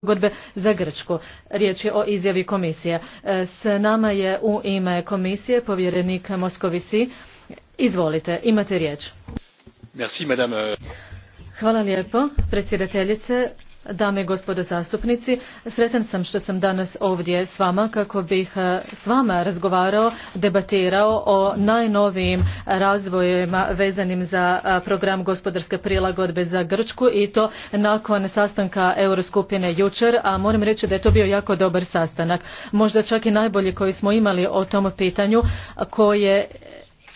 pogodbe za Grčku. Riječ je o izjavi komisije. E, s nama je u ime komisije povjerenik Moskovisi. Izvolite, imate riječ. Merci, madame. Hvala lijepo, predsjedateljice dame i gospodo zastupnici. Sretan sam što sam danas ovdje s vama kako bih e, s vama razgovarao, debatirao o najnovijim razvojima vezanim za e, program gospodarske prilagodbe za Grčku i to nakon sastanka Euroskupine jučer, a moram reći da je to bio jako dobar sastanak. Možda čak i najbolji koji smo imali o tom pitanju koje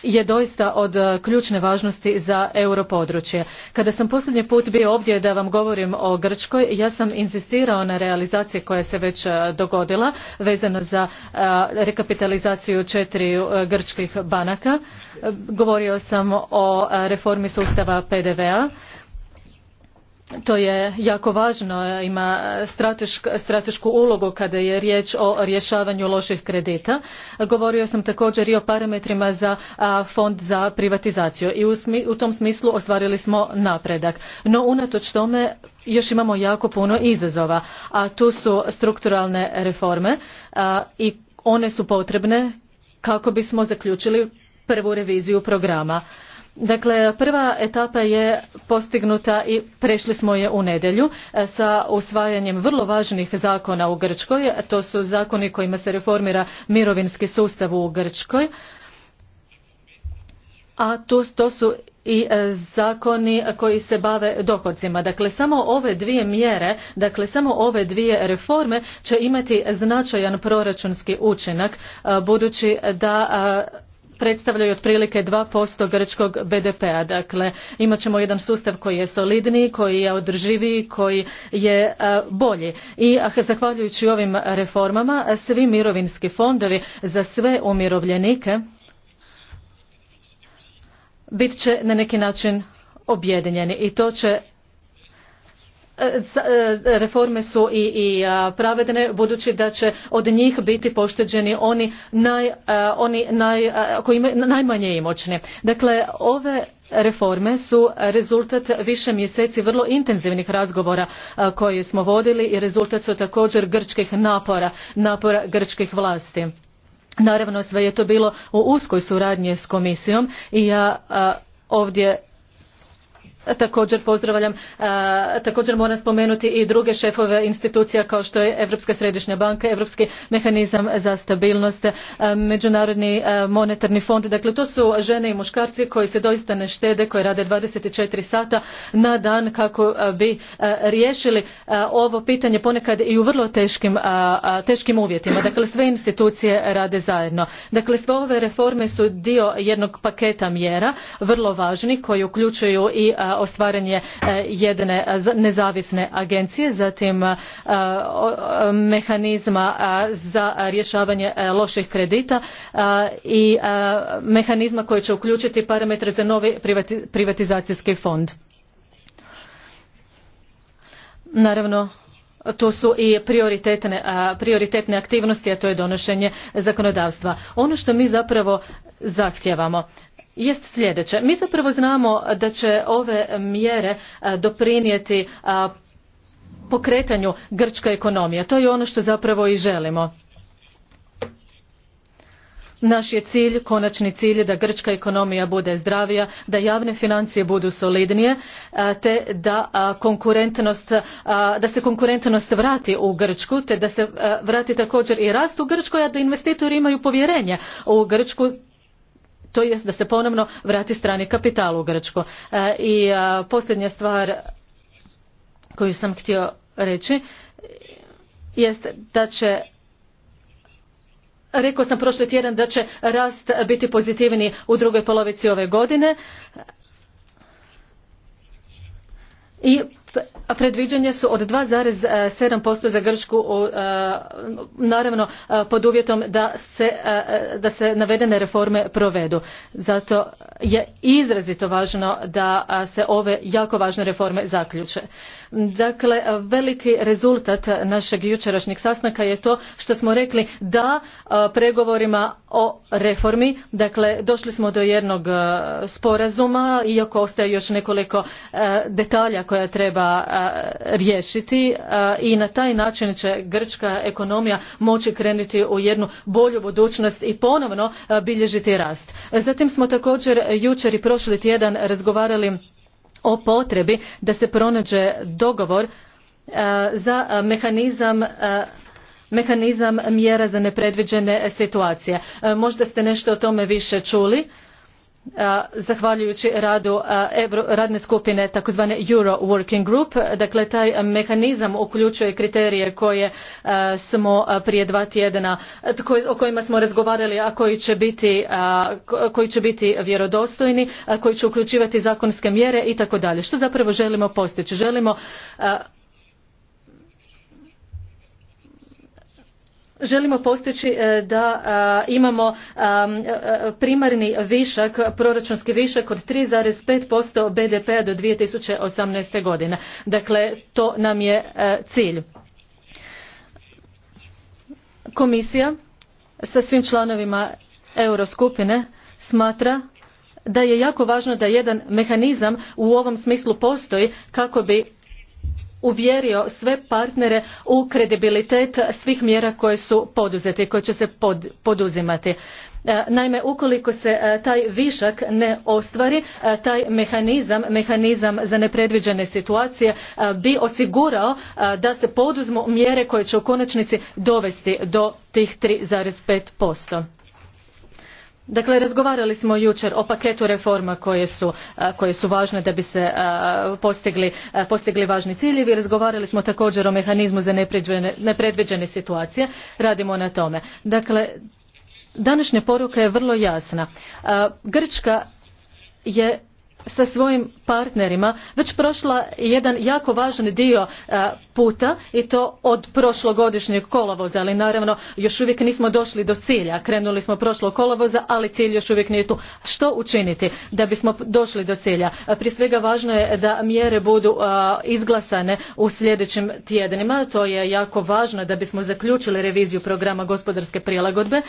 je doista od e, ključne važnosti za europodručje. Kada sam posljednji put bio ovdje da vam govorim o Grčkoj, ja sam insistirao na realizaciji koja se već e, dogodila vezano za e, rekapitalizaciju četiri grčkih banaka. Govorio sam o reformi sustava PDV-a to je jako važno, ima stratešku ulogu kada je riječ o rješavanju loših kredita. Govorio sam također i o parametrima za fond za privatizaciju i u, tom smislu ostvarili smo napredak. No unatoč tome još imamo jako puno izazova, a tu su strukturalne reforme i one su potrebne kako bismo zaključili prvu reviziju programa. Dakle, prva etapa je postignuta i prešli smo je u nedjelju e, sa usvajanjem vrlo važnih zakona u Grčkoj. To su zakoni kojima se reformira mirovinski sustav u Grčkoj. A to, to su i e, zakoni koji se bave dohodcima. Dakle, samo ove dvije mjere, dakle, samo ove dvije reforme će imati značajan proračunski učinak, e, budući da predstavljaju otprilike 2% grčkog BDP-a. Dakle, imat ćemo jedan sustav koji je solidniji, koji je održiviji, koji je e, bolji. I zahvaljujući ovim reformama, svi mirovinski fondovi za sve umirovljenike bit će na neki način objedinjeni i to će E, e, reforme su i, i pravedne budući da će od njih biti pošteđeni oni, koji imaju najmanje imoćni. Dakle, ove reforme su rezultat više mjeseci vrlo intenzivnih razgovora koje smo vodili i rezultat su također grčkih napora, napora grčkih vlasti. Naravno, sve je to bilo u uskoj suradnji s komisijom i ja ovdje Također pozdravljam, također moram spomenuti i druge šefove institucija kao što je Europska središnja banka, Europski mehanizam za stabilnost, Međunarodni monetarni fond. Dakle, to su žene i muškarci koji se doista ne štede, koji rade 24 sata na dan kako bi riješili ovo pitanje ponekad i u vrlo teškim, teškim uvjetima. Dakle, sve institucije rade zajedno. Dakle, sve ove reforme su dio jednog paketa mjera, vrlo važnih, koji uključuju i ostvaranje e, jedne e, nezavisne agencije, zatim e, mehanizma za rješavanje loših kredita i mehanizma koji će uključiti parametre za novi privatizacijski fond. Naravno, tu su i prioritetne, prioritetne aktivnosti, a to je donošenje zakonodavstva. Ono što mi zapravo zahtijevamo jest sljedeće. Mi zapravo znamo da će ove mjere e, doprinijeti e, pokretanju grčka ekonomije. To je ono što zapravo i želimo. Naš je cilj, konačni cilj je da grčka ekonomija bude zdravija, da javne financije budu solidnije, e, te da, konkurentnost, da se konkurentnost vrati u Grčku, te da se vrati također i rast u Grčkoj, a da investitori imaju povjerenje u Grčku, to jest da se ponovno vrati strani kapital u Grčko. E, I e, posljednja stvar koju sam htio reći jest da će Rekao sam prošli tjedan da će rast biti pozitivni u drugoj polovici ove godine i predviđanja su od 2,7% za Grčku, e, naravno e, pod uvjetom e, da se navedene reforme provedu. Zato je izrazito važno da se ove jako važne reforme zaključe. Dakle, veliki rezultat našeg jučerašnjeg sastanka je to što smo rekli da pregovorima o reformi, dakle, došli smo do jednog sporazuma, iako ostaje još nekoliko detalja koja treba riješiti i na taj način će grčka ekonomija moći krenuti u jednu bolju budućnost i ponovno bilježiti rast. Zatim smo također jučer i prošli tjedan razgovarali o potrebi da se pronađe dogovor e, za e, mehanizam e, mehanizam mjera za nepredviđene situacije. Možda ste nešto o tome više čuli zahvaljujući radu radne skupine takozvane euro working group dakle taj mehanizam uključuje kriterije koje smo prije dva tjedna o kojima smo razgovarali a koji će biti, koji će biti vjerodostojni koji će uključivati zakonske mjere i tako dalje što zapravo želimo postići želimo želimo postići e, da e, imamo e, primarni višak, proračunski višak od 3,5% BDP-a do 2018. godine. Dakle, to nam je cilj. Komisija sa svim članovima Euroskupine smatra da je jako važno da jedan mehanizam u ovom smislu postoji kako bi uvjerio sve partnere u kredibilitet svih mjera koje su poduzete i koje će se poduzimati. E, naime, ukoliko se e, taj višak ne ostvari, e, taj mehanizam, mehanizam za nepredviđene situacije bi osigurao da se poduzmu mjere koje će u konačnici dovesti do tih 3,5%. Dakle, razgovarali smo jučer o paketu reforma koje su, koje su važne da bi se postigli, postigli važni ciljevi. Razgovarali smo također o mehanizmu za nepredviđene situacije. Radimo na tome. Dakle, današnja poruka je vrlo jasna. Grčka je sa svojim partnerima već prošla jedan jako važan dio e, puta i to od prošlogodišnjeg kolovoza, ali naravno još uvijek nismo došli do cilja. Krenuli smo prošlog kolovoza, ali cilj još uvijek nije tu. Što učiniti da bismo došli do cilja? E, prije svega važno je da mjere budu e, izglasane u sljedećim tjedanima, To je jako važno da bismo zaključili reviziju programa gospodarske prilagodbe.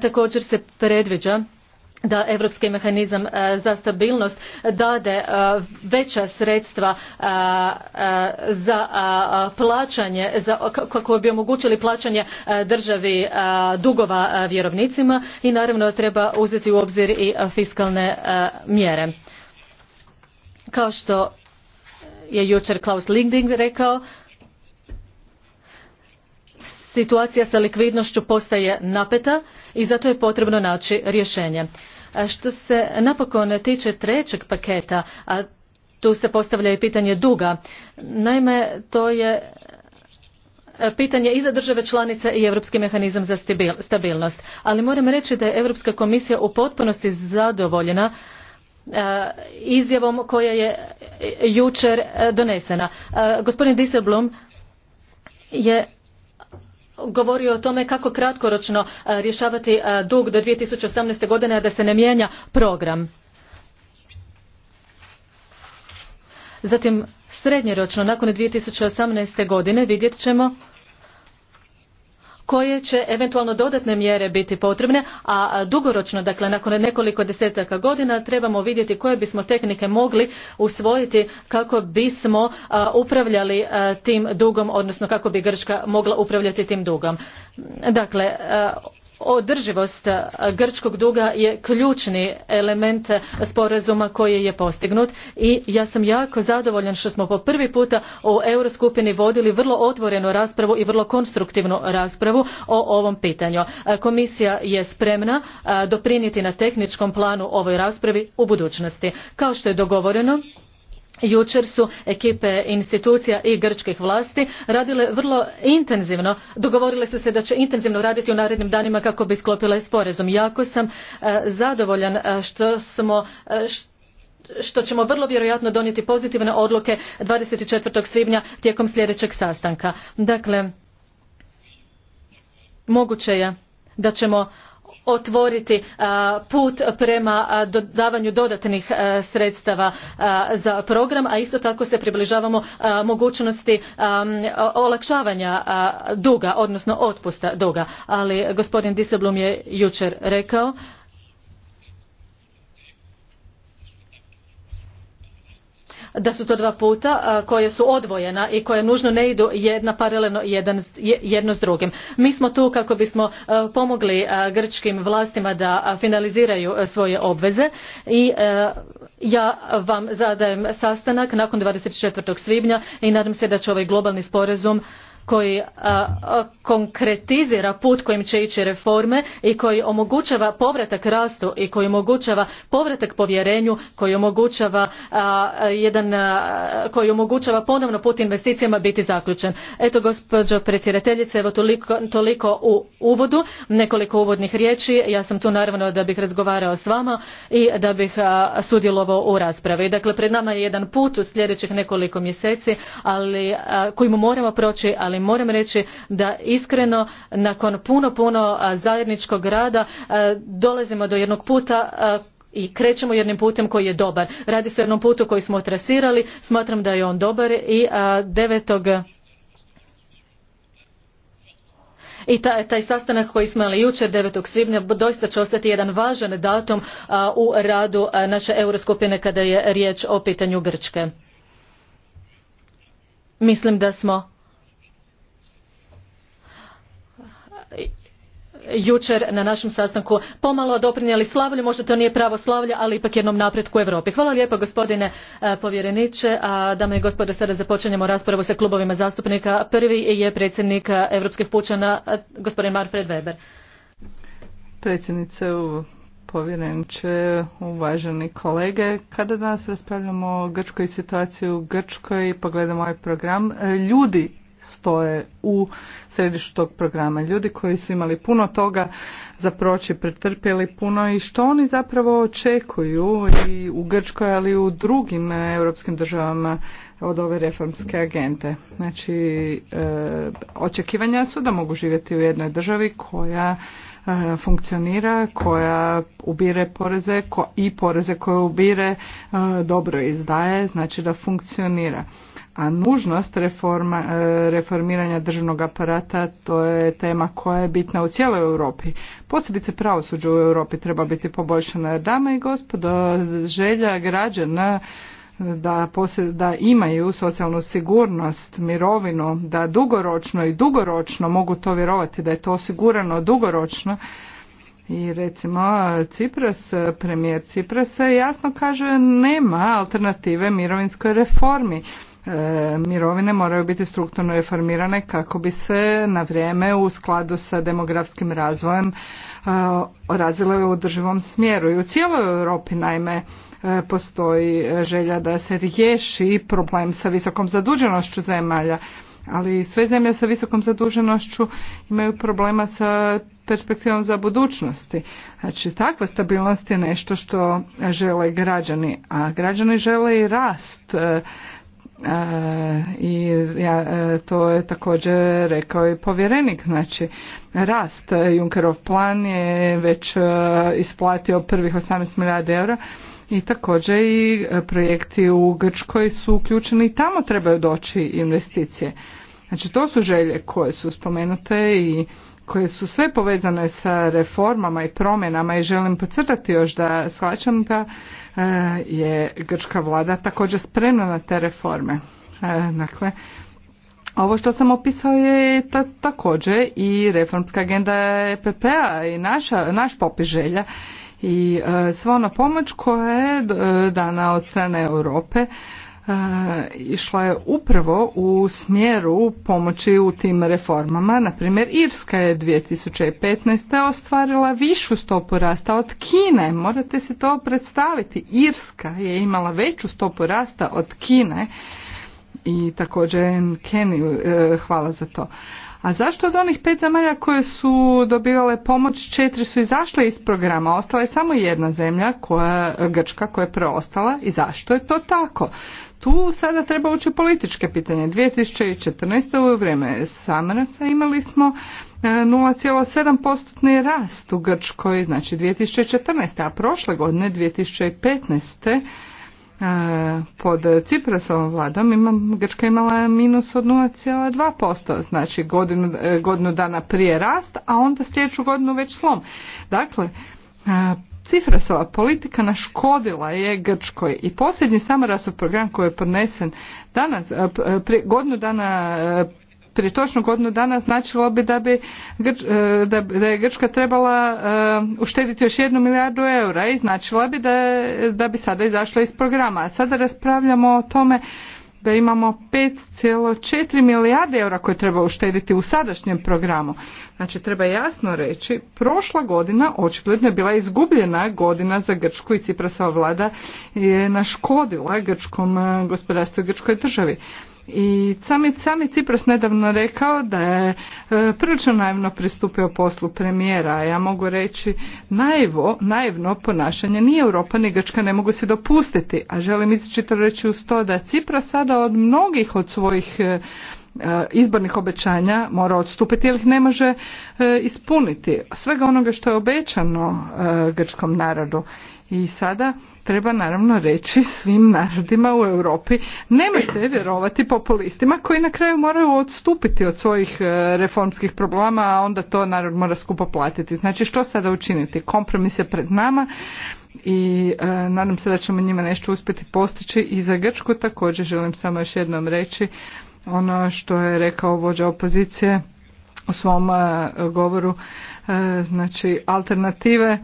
Također se predviđa da europski mehanizam e, za stabilnost dade e, veća sredstva e, za plaćanje za, kako bi omogućili plaćanje državi dugova vjerovnicima i naravno treba uzeti u obzir i fiskalne mjere. Kao što je jučer Klaus Linding rekao, situacija sa likvidnošću postaje napeta i zato je potrebno naći rješenje. Što se napokon tiče trećeg paketa, a tu se postavlja i pitanje duga. Naime, to je e, pitanje i za države članice i europski mehanizam za stabilnost. Ali moram reći da je Europska komisija u potpunosti zadovoljena e, izjavom koja je e, jučer donesena. Gospodin Disselblom je govorio o tome kako kratkoročno e, rješavati e, dug do 2018. godine a da se ne mijenja program. Zatim srednjeročno nakon 2018. godine vidjet ćemo koje će eventualno dodatne mjere biti potrebne, a dugoročno, dakle nakon nekoliko desetaka godina trebamo vidjeti koje bismo tehnike mogli usvojiti kako bismo upravljali tim dugom, odnosno kako bi Grčka mogla upravljati tim dugom. Dakle, održivost grčkog duga je ključni element sporazuma koji je postignut i ja sam jako zadovoljan što smo po prvi puta u euroskupini vodili vrlo otvorenu raspravu i vrlo konstruktivnu raspravu o ovom pitanju. Komisija je spremna doprinijeti na tehničkom planu ovoj raspravi u budućnosti. Kao što je dogovoreno, Jučer su ekipe institucija i grčkih vlasti radile vrlo intenzivno, dogovorile su se da će intenzivno raditi u narednim danima kako bi sklopile sporazum. Jako sam e, zadovoljan e, što smo e, što ćemo vrlo vjerojatno donijeti pozitivne odluke 24. svibnja tijekom sljedećeg sastanka. Dakle, moguće je da ćemo otvoriti put prema davanju dodatnih sredstava za program, a isto tako se približavamo mogućnosti olakšavanja duga, odnosno otpusta duga. Ali gospodin Disablum je jučer rekao da su to dva puta koje su odvojena i koje nužno ne idu jedna paralelno jedno s drugim. Mi smo tu kako bismo pomogli grčkim vlastima da finaliziraju svoje obveze i ja vam zadajem sastanak nakon 24. svibnja i nadam se da će ovaj globalni sporazum koji konkretizira put kojim će ići reforme i koji omogućava povratak rastu i koji omogućava povratak povjerenju koji omogućava jedan koji omogućava ponovno put investicijama biti zaključen. Eto gospođo predsjedateljice, evo toliko, toliko u uvodu, nekoliko uvodnih riječi. Ja sam tu naravno da bih razgovarao s vama i da bih sudjelovao u raspravi. Dakle, pred nama je jedan put u sljedećih nekoliko mjeseci, ali kojim moramo proći, ali moram reći da iskreno nakon puno, puno zajedničkog rada dolazimo do jednog puta i krećemo jednim putem koji je dobar. Radi se o jednom putu koji smo trasirali, smatram da je on dobar i devetog i taj, sastanak koji smo imali jučer 9. svibnja doista će ostati jedan važan datum u radu naše euroskupine kada je riječ o pitanju Grčke. Mislim da smo jučer na našem sastanku pomalo doprinijeli slavlju možda to nije pravo slavlje ali ipak jednom napretku u europi. hvala lijepo gospodine e, povjereniče a dame i gospodo sada započinjemo raspravu sa klubovima zastupnika prvi je predsjednik europskih pučana e, gospodin Marfred weber. predsjednice povjereniče, uvaženi kolege. Kada danas raspravljamo o grčkoj situaciji u Grčkoj i pogledamo ovaj program, e, ljudi stoje u središtu tog programa. Ljudi koji su imali puno toga za proći, pretrpjeli puno i što oni zapravo očekuju i u Grčkoj, ali i u drugim europskim državama od ove reformske agente. Znači, e, očekivanja su da mogu živjeti u jednoj državi koja e, funkcionira, koja ubire poreze ko, i poreze koje ubire e, dobro izdaje, znači da funkcionira a nužnost reforma, e, reformiranja državnog aparata to je tema koja je bitna u cijeloj Europi. Posljedice pravosuđa u Europi treba biti poboljšana. Dame i gospodo, želja građana da, da imaju socijalnu sigurnost, mirovinu, da dugoročno i dugoročno mogu to vjerovati, da je to osigurano dugoročno, i recimo Cipras, premijer Ciprasa jasno kaže nema alternative mirovinskoj reformi. E, mirovine moraju biti strukturno reformirane kako bi se na vrijeme u skladu sa demografskim razvojem e, razvile u održivom smjeru. I u cijeloj Europi naime e, postoji želja da se riješi problem sa visokom zaduženošću zemalja ali sve zemlje sa visokom zaduženošću imaju problema sa perspektivom za budućnosti. Znači, takva stabilnost je nešto što žele građani, a građani žele i rast i ja, e, to je također rekao i povjerenik znači rast Junkerov plan je već e, isplatio prvih 18 milijardi eura i također i projekti u Grčkoj su uključeni i tamo trebaju doći investicije znači to su želje koje su spomenute i koje su sve povezane sa reformama i promjenama i želim podcrtati još da shvaćam da E, je grčka vlada također spremna na te reforme. E, dakle, ovo što sam opisao je također i reformska agenda EPP-a i naša, naš popis želja i e, sva ona pomoć koja je dana od strane Europe išla je upravo u smjeru pomoći u tim reformama. Na Irska je 2015. ostvarila višu stopu rasta od Kine. Morate se to predstaviti. Irska je imala veću stopu rasta od Kine i također Keniju e, hvala za to. A zašto od onih pet zemalja koje su dobivale pomoć, četiri su izašle iz programa, ostala je samo jedna zemlja, koja, Grčka, koja je preostala i zašto je to tako? Tu sada treba ući političke pitanje. 2014. u vrijeme Samarasa imali smo 0,7% e, rast u Grčkoj, znači 2014. a prošle godine 2015. E, pod Ciprasovom vladom Grčka imala minus od 0,2%, znači godinu, e, godinu dana prije rast, a onda sljedeću godinu već slom. Dakle, e, Cifrasova politika naškodila je Grčkoj i posljednji samorasov program koji je podnesen danas, godinu dana prije točno godinu dana značilo bi da, bi, e, da je Grčka trebala e, uštediti još jednu milijardu eura i značila bi da, da bi sada izašla iz programa. A sada raspravljamo o tome da imamo 5,4 milijarde eura koje treba uštediti u sadašnjem programu. Znači treba jasno reći, prošla godina očigledno je bila izgubljena godina za Grčku i Ciprasova vlada je naškodila grčkom e, gospodarstvu i grčkoj državi. I sami, sami Cipras nedavno rekao da je e, prilično naivno pristupio poslu premijera. Ja mogu reći naivo, naivno ponašanje nije Europa ni Grčka ne mogu se dopustiti. A želim izčito reći uz to da Cipras sada od mnogih od svojih e, e, izbornih obećanja mora odstupiti jer ih ne može ispuniti. Svega onoga što je obećano grčkom narodu. I sada treba naravno reći svim narodima u Europi nemojte vjerovati populistima koji na kraju moraju odstupiti od svojih e, reformskih problema, a onda to narod mora skupo platiti. Znači što sada učiniti? Kompromis je pred nama i e, nadam se da ćemo njima nešto uspjeti postići i za Grčku također želim samo još jednom reći ono što je rekao vođa opozicije u svom e, govoru, e, znači alternative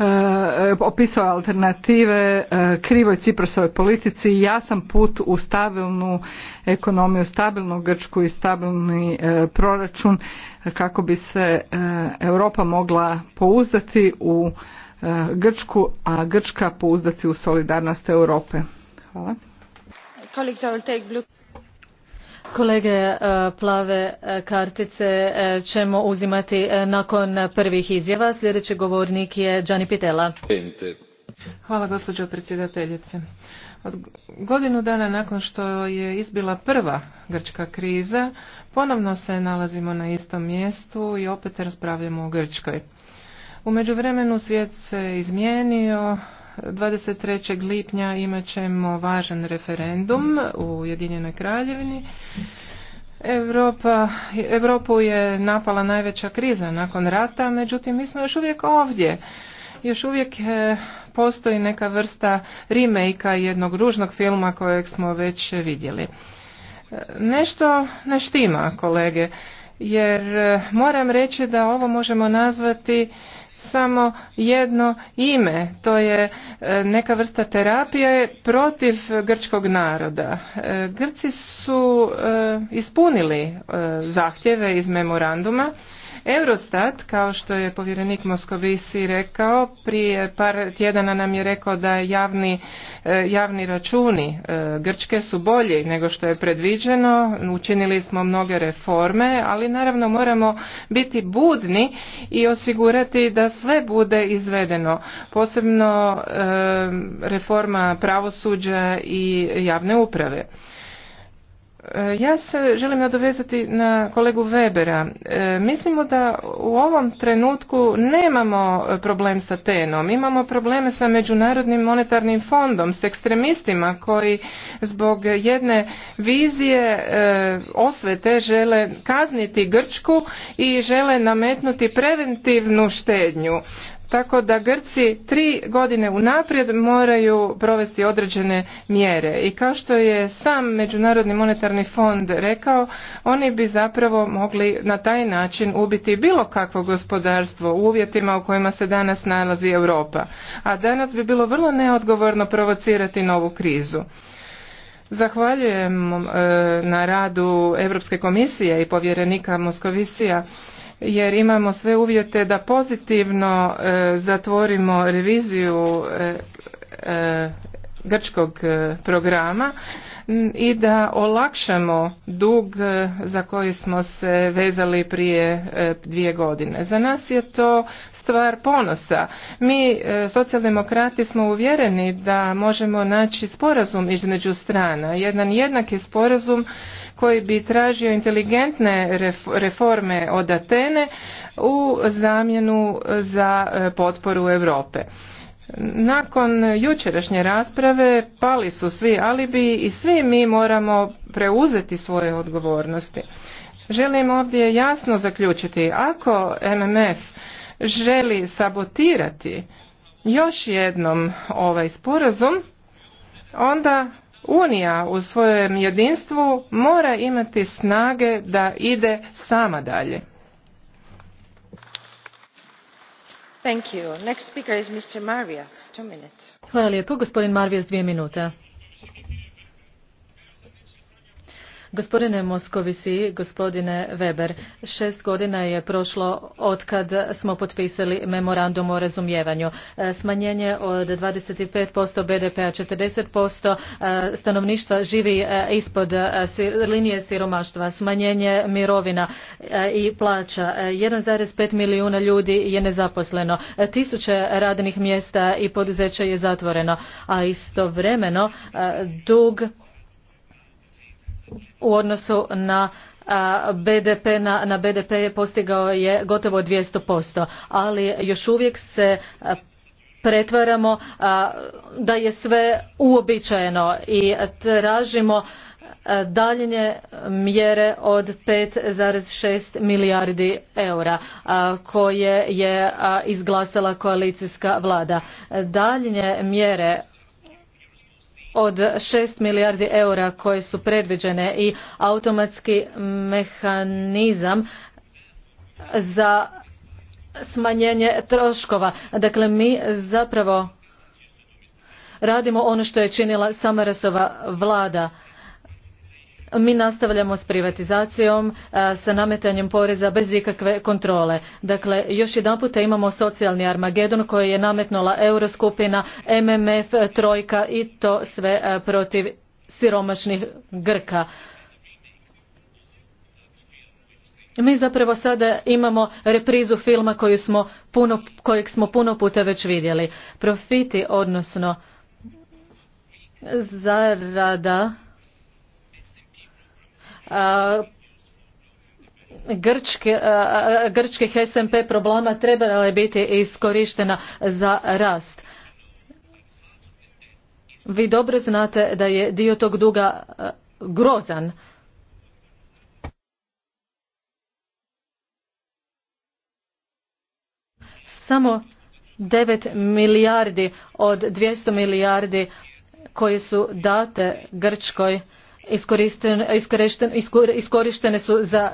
Eh, opisao alternative eh, krivoj Ciprosovoj politici i jasan put u stabilnu ekonomiju, stabilnu Grčku i stabilni eh, proračun kako bi se Europa mogla pouzdati u Grčku, a Grčka pouzdati u solidarnost Europe. Hvala. Kolege e, plave e, kartice e, ćemo uzimati nakon prvih izjava. Sljedeći govornik je Gianni Pitella. Hvala gospođo predsjedateljice. godinu dana nakon što je izbila prva grčka kriza, ponovno se nalazimo na istom mjestu i opet raspravljamo o Grčkoj. U međuvremenu svijet se izmijenio, 23. lipnja imat ćemo važan referendum u Jedinjenoj kraljevini. Europa, Europu je napala najveća kriza nakon rata, međutim mi smo još uvijek ovdje. Još uvijek e, postoji neka vrsta remake jednog ružnog filma kojeg smo već vidjeli. E, nešto ne štima, kolege, jer e, moram reći da ovo možemo nazvati samo jedno ime to je e, neka vrsta terapije protiv grčkog naroda e, grci su e, ispunili zahtjeve iz memoranduma Eurostat, kao što je povjerenik Moskovisi rekao, prije par tjedana nam je rekao da javni, e, javni računi e, Grčke su bolji nego što je predviđeno, učinili smo mnoge reforme, ali naravno moramo biti budni i osigurati da sve bude izvedeno, posebno e, reforma pravosuđa i javne uprave. E, ja se želim nadovezati na kolegu Webera. E, mislimo da u ovom trenutku nemamo e, problem sa tenom, imamo probleme sa Međunarodnim monetarnim fondom, s ekstremistima koji zbog jedne vizije osvete žele kazniti Grčku i žele nametnuti preventivnu štednju tako da Grci tri godine unaprijed moraju provesti određene mjere i kao što je sam Međunarodni monetarni fond rekao, oni bi zapravo mogli na taj način ubiti bilo kakvo gospodarstvo u uvjetima u kojima se danas nalazi Europa, a danas bi bilo vrlo neodgovorno provocirati novu krizu. Zahvaljujem e, na radu Europske komisije i povjerenika Moskovisija jer imamo sve uvjete da pozitivno e, zatvorimo reviziju e, e, grčkog programa i da olakšamo dug za koji smo se vezali prije dvije godine. Za nas je to stvar ponosa. Mi socijaldemokrati smo uvjereni da možemo naći sporazum između strana, jedan jednaki sporazum koji bi tražio inteligentne reforme od Atene u zamjenu za e, potporu Europe. Nakon jučerašnje rasprave pali su svi alibi i svi mi moramo preuzeti svoje odgovornosti. Želim ovdje jasno zaključiti, ako MMF želi sabotirati još jednom ovaj sporazum, onda Unija u svojem jedinstvu mora imati snage da ide sama dalje. Thank you. Next Hvala lijepo, gospodin Marvijas, dvije minute. Gospodine Moskovisi, gospodine Weber, šest godina je prošlo otkad smo potpisali memorandum o razumijevanju. E, smanjenje od 25% BDP-a 40% e, stanovništva živi e, ispod linije siromaštva, smanjenje mirovina i plaća. 1,5 milijuna ljudi je nezaposleno, tisuće radnih mjesta i poduzeća je zatvoreno, a istovremeno dug u odnosu na BDP na, BDP je postigao je gotovo 200%, ali još uvijek se pretvaramo da je sve uobičajeno i tražimo daljnje mjere od 5,6 milijardi eura koje je izglasala koalicijska vlada. Daljnje mjere od šest milijardi eura koje su predviđene i automatski mehanizam za smanjenje troškova. Dakle, mi zapravo radimo ono što je činila Samarasova vlada mi nastavljamo s privatizacijom, e, sa nametanjem poreza bez ikakve kontrole. Dakle, još jedan puta imamo socijalni armagedon koji je nametnula Euroskupina, MMF, Trojka i to sve e, protiv siromašnih Grka. Mi zapravo sada imamo reprizu filma koju smo puno, kojeg smo puno puta već vidjeli. Profiti, odnosno zarada Grčke, grčkih SMP problema trebala je biti iskorištena za rast. Vi dobro znate da je dio tog duga grozan. Samo 9 milijardi od 200 milijardi koje su date Grčkoj iskorištene su za,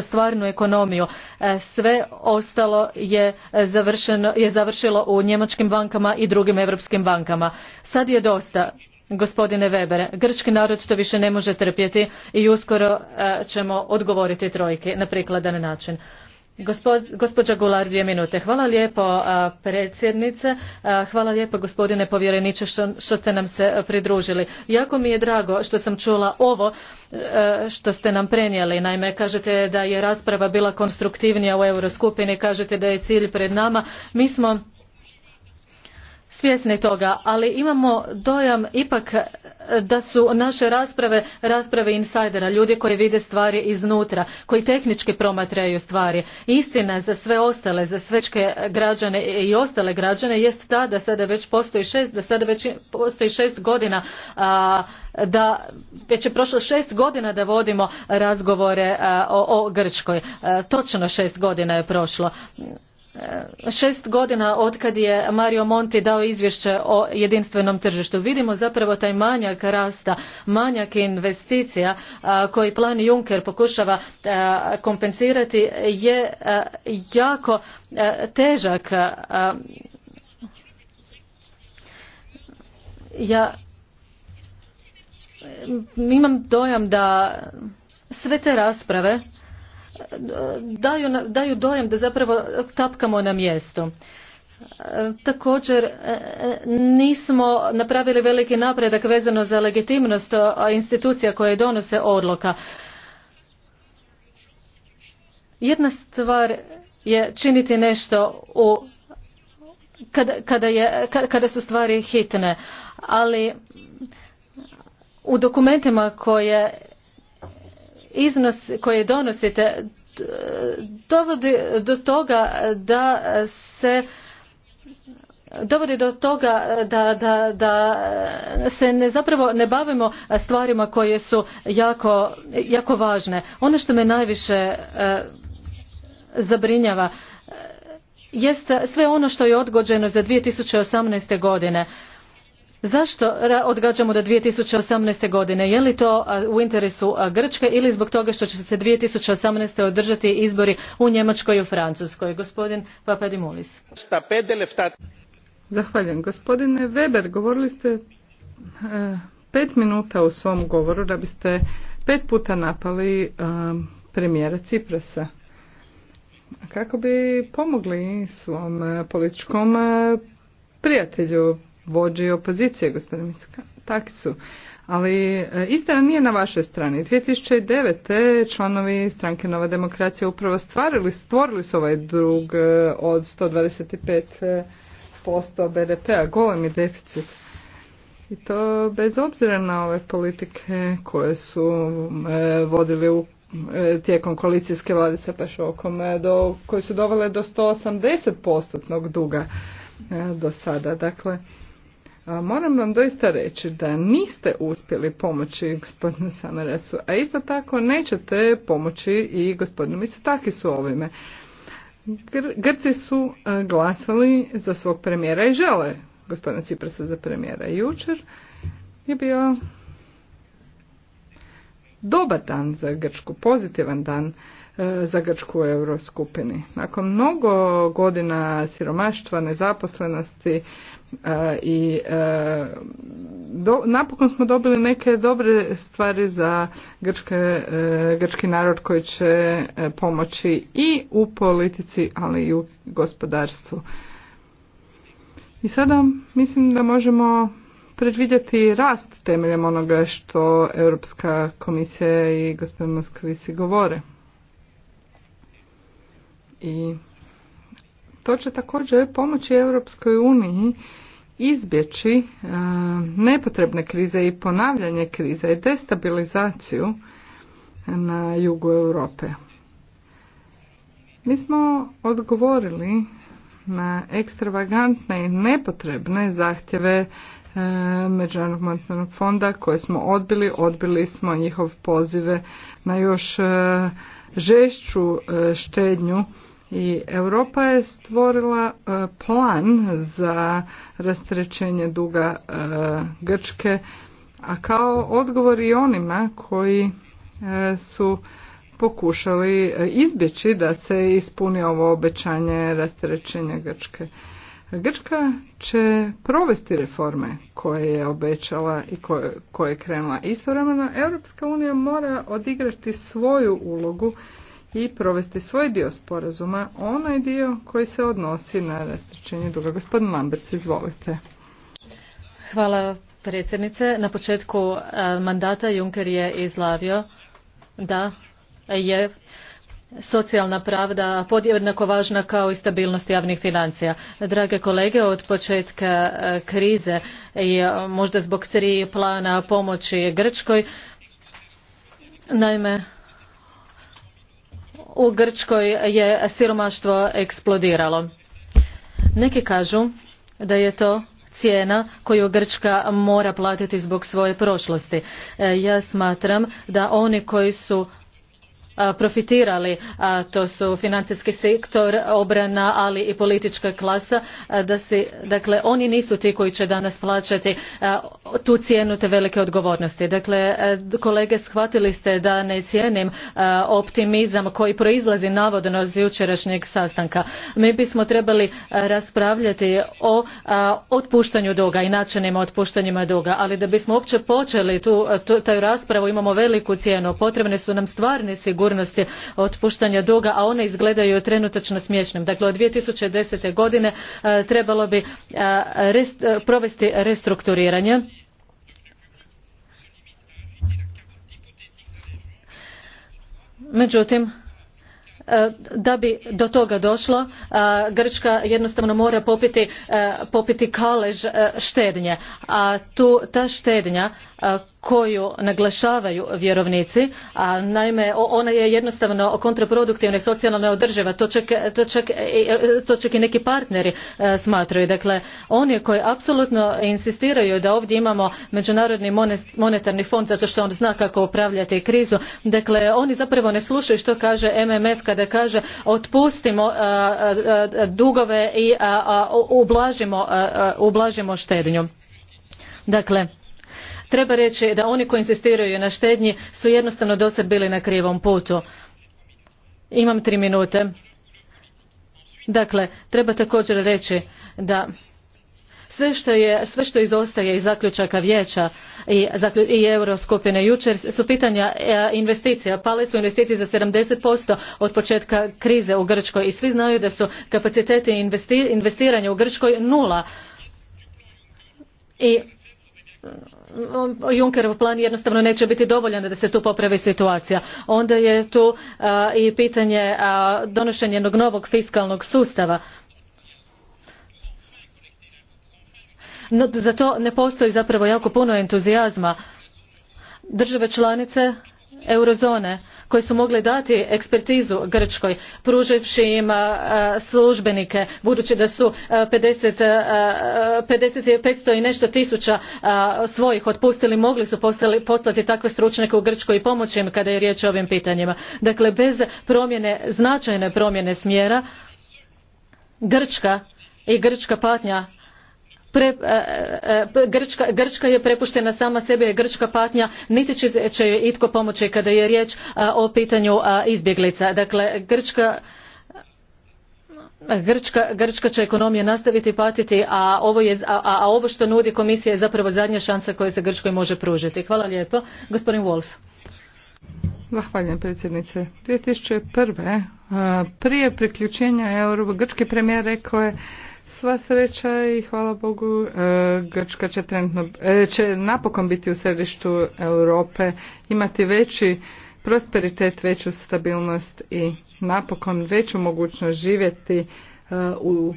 stvarnu ekonomiju. E, sve ostalo je, završeno, je završilo u njemačkim bankama i drugim europskim bankama. Sad je dosta. Gospodine Weber, grčki narod to više ne može trpjeti i uskoro e, ćemo odgovoriti trojke na prikladan način. Gospođa Gular, dvije minute. Hvala lijepo predsjednice, hvala lijepo gospodine povjereniče što, što ste nam se pridružili. Jako mi je drago što sam čula ovo e, što ste nam prenijeli. Naime, kažete da je rasprava bila konstruktivnija u Euroskupini, kažete da je cilj pred nama. Mi smo svjesni toga, ali imamo dojam ipak da su naše rasprave rasprave insajdera, ljudi koji vide stvari iznutra, koji tehnički promatraju stvari. Istina za sve ostale, za svečke građane i ostale građane jest ta da sada već postoji šest, da sada već postoji šest godina, a, da već je prošlo šest godina da vodimo razgovore o, Grčkoj. točno šest godina je prošlo. E, šest godina otkad je Mario Monti dao izvješće o jedinstvenom tržištu. Vidimo zapravo taj manjak rasta, manjak investicija koji plan Juncker pokušava e, kompensirati je e, jako težak. Ja imam dojam da sve te rasprave daju, daju dojem da zapravo tapkamo na mjestu. E, također e, e, nismo napravili veliki napredak vezano za legitimnost institucija koje donose odluka. Jedna stvar je činiti nešto u, kada, kada, je, kada su stvari hitne, ali u dokumentima koje iznos koji donosite dovodi do toga da se dovodi do toga da, da, da se ne zapravo ne bavimo stvarima koje su jako, jako važne. Ono što me najviše e, zabrinjava e, jest sve ono što je odgođeno za 2018. godine. Zašto odgađamo do 2018. godine? Je li to u interesu Grčke ili zbog toga što će se 2018. održati izbori u Njemačkoj i u Francuskoj? Gospodin Papadimulis. Zahvaljujem. Gospodine Weber, govorili ste e, pet minuta u svom govoru da biste pet puta napali e, premijera Ciprasa. Kako bi pomogli svom e, političkom prijatelju vođi opozicije, gospodin su. Ali e, istina nije na vašoj strani. 2009. članovi stranke Nova demokracija upravo stvarili, stvorili su ovaj drug e, od 125% BDP-a, golemi deficit. I to bez obzira na ove politike koje su e, vodili u tijekom koalicijske vlade sa Pašokom, do, koje su dovele do 180% duga do sada. Dakle, Moram vam doista reći da niste uspjeli pomoći gospodinu Samarasu, a isto tako nećete pomoći i gospodinu su ovime. Gr Grci su e, glasali za svog premijera i žele gospodina Ciprasa za premijera. Jučer je bio dobar dan za Grčku, pozitivan dan. E, za Grčku u Euroskupini. Nakon mnogo godina siromaštva, nezaposlenosti e, i e, napokon smo dobili neke dobre stvari za grčke, grčki narod koji će pomoći i u politici, ali i u gospodarstvu. I sada mislim da možemo predvidjeti rast temeljem onoga što Europska komisija i gospodin govore i to će također pomoći Europskoj uniji izbjeći e, nepotrebne krize i ponavljanje krize i destabilizaciju na jugu Europe. Mi smo odgovorili na ekstravagantne i nepotrebne zahtjeve e, Međunarodnog monetarnog fonda koje smo odbili. Odbili smo njihov pozive na još e, žešću štednju i Europa je stvorila e, plan za rastrećenje duga e, Grčke, a kao odgovor i onima koji e, su pokušali izbjeći da se ispuni ovo obećanje rasterećenja Grčke. Grčka će provesti reforme koje je obećala i koje, koje je krenula. Istovremeno, Europska unija mora odigrati svoju ulogu i provesti svoj dio sporazuma, onaj dio koji se odnosi na rastričenje duga. Gospodin Lamberts, izvolite. Hvala predsjednice. Na početku eh, mandata Juncker je izlavio da je socijalna pravda podjednako važna kao i stabilnost javnih financija. Drage kolege, od početka eh, krize i eh, možda zbog tri plana pomoći Grčkoj, naime, u Grčkoj je siromaštvo eksplodiralo. Neki kažu da je to cijena koju Grčka mora platiti zbog svoje prošlosti. E, ja smatram da oni koji su profitirali, to su financijski sektor, obrana, ali i politička klasa, da dakle oni nisu ti koji će danas plaćati tu cijenu te velike odgovornosti. Dakle, kolege, shvatili ste da ne cijenim optimizam koji proizlazi navodno iz jučerašnjeg sastanka. Mi bismo trebali raspravljati o otpuštanju duga i načinima otpuštanjima duga, ali da bismo uopće počeli tu, taj raspravu imamo veliku cijenu. Potrebne su nam stvarne sigurnosti sigurnosti otpuštanja duga, a one izgledaju trenutačno smiješnim. Dakle, od 2010. godine e, trebalo bi e, e, provesti restrukturiranje međutim da bi do toga došlo grčka jednostavno mora popiti, popiti kalež štednje a tu ta štednja koju naglašavaju vjerovnici, a naime ona je jednostavno kontraproduktivna i socijalno neodrživa, to čak, i neki partneri e, smatraju. Dakle, oni koji apsolutno insistiraju da ovdje imamo Međunarodni monetarni fond zato što on zna kako upravljati krizu, dakle oni zapravo ne slušaju što kaže MMF kada kaže otpustimo e, e, dugove i ublažimo štednju. Dakle, Treba reći da oni koji insistiraju na štednji su jednostavno dosad bili na krivom putu. Imam tri minute. Dakle, treba također reći da sve što, izostaje iz zaključaka vijeća i, i euroskupine jučer su pitanja e, investicija pale su investicije za sedamdeset posto od početka krize u grčkoj i svi znaju da su kapaciteti investiranja u grčkoj nula i Junckerov plan jednostavno neće biti dovoljan da se tu popravi situacija. Onda je tu i pitanje donošenja jednog novog fiskalnog sustava. No, za to ne postoji zapravo jako puno entuzijazma. Države članice eurozone koje su mogle dati ekspertizu Grčkoj, pruživši im službenike, budući da su 50, i nešto tisuća svojih otpustili, mogli su poslati takve stručnjake u Grčkoj i pomoći im kada je riječ o ovim pitanjima. Dakle, bez promjene, značajne promjene smjera, Grčka i grčka patnja pre, e, e, e, grčka, je prepuštena sama sebi je grčka patnja niti će, će joj itko pomoći kada je riječ o pitanju izbjeglica dakle grčka Grčka, grčka će ekonomija nastaviti patiti a ovo, je, a, ovo što nudi komisija je zapravo zadnja šansa koja se grčkoj može pružiti. Hvala lijepo. Gospodin Wolf. Zahvaljujem predsjednice. 2001. prije priključenja euro grčki premijer rekao je Sva sreća i hvala Bogu, e, Grčka će, trenutno, e, će napokon biti u središtu Europe, imati veći prosperitet, veću stabilnost i napokon veću mogućnost živjeti e, u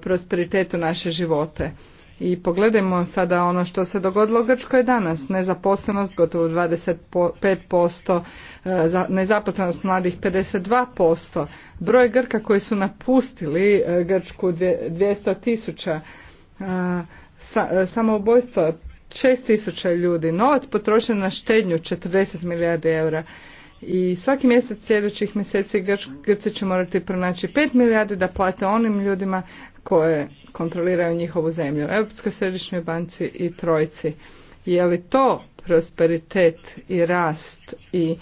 prosperitetu naše živote. I pogledajmo sada ono što se dogodilo u Grčkoj danas. Nezaposlenost gotovo 25%, e, nezaposlenost mladih 52%. Broj Grka koji su napustili e, Grčku 200 tisuća, e, samoubojstvo 6 tisuća ljudi, novac potrošen na štednju 40 milijardi eura. I svaki mjesec sljedećih mjeseci Grci će morati pronaći 5 milijardi da plate onim ljudima koje kontroliraju njihovu zemlju, Europskoj središnjoj banci i trojci. Je li to prosperitet i rast i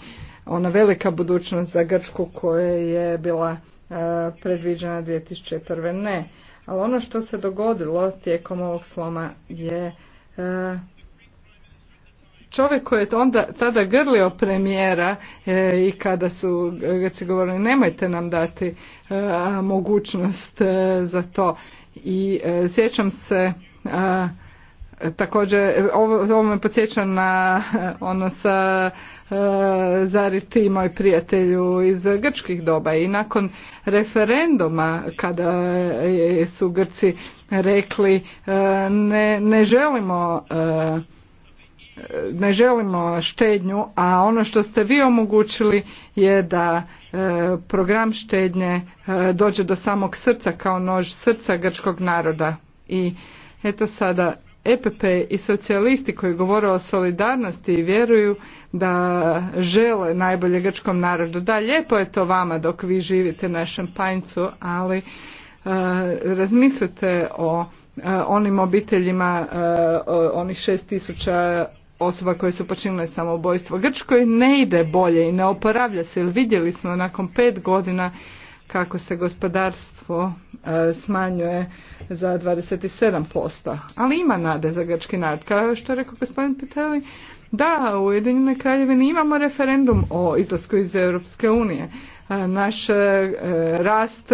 ona velika budućnost za Grčku koja je bila e, predviđena 2001. Ne. Ali ono što se dogodilo tijekom ovog sloma je e, čovjek koji je onda tada grlio premijera e, i kada su Grci govorili nemojte nam dati e, mogućnost e, za to. I sjećam se također, ovo, ovo me podsjeća na ono sa Zariti moj prijatelju iz grčkih doba i nakon referenduma kada su Grci rekli ne, ne želimo ne želimo štednju, a ono što ste vi omogućili je da e, program štednje e, dođe do samog srca kao nož srca grčkog naroda. I eto sada EPP i socijalisti koji govore o solidarnosti i vjeruju da žele najbolje grčkom narodu. Da, lijepo je to vama dok vi živite na šampanjcu, ali e, razmislite o onim obiteljima onih šest tisuća osoba koje su počinile samobojstvo. Grčkoj ne ide bolje i ne oporavlja se jer vidjeli smo nakon pet godina kako se gospodarstvo e, smanjuje za 27%. Ali ima nade za grčki narod. Kao što je rekao gospodin Piteli, da, u Ujedinjenoj kraljevini imamo referendum o izlasku iz Europske unije. E, naš e, rast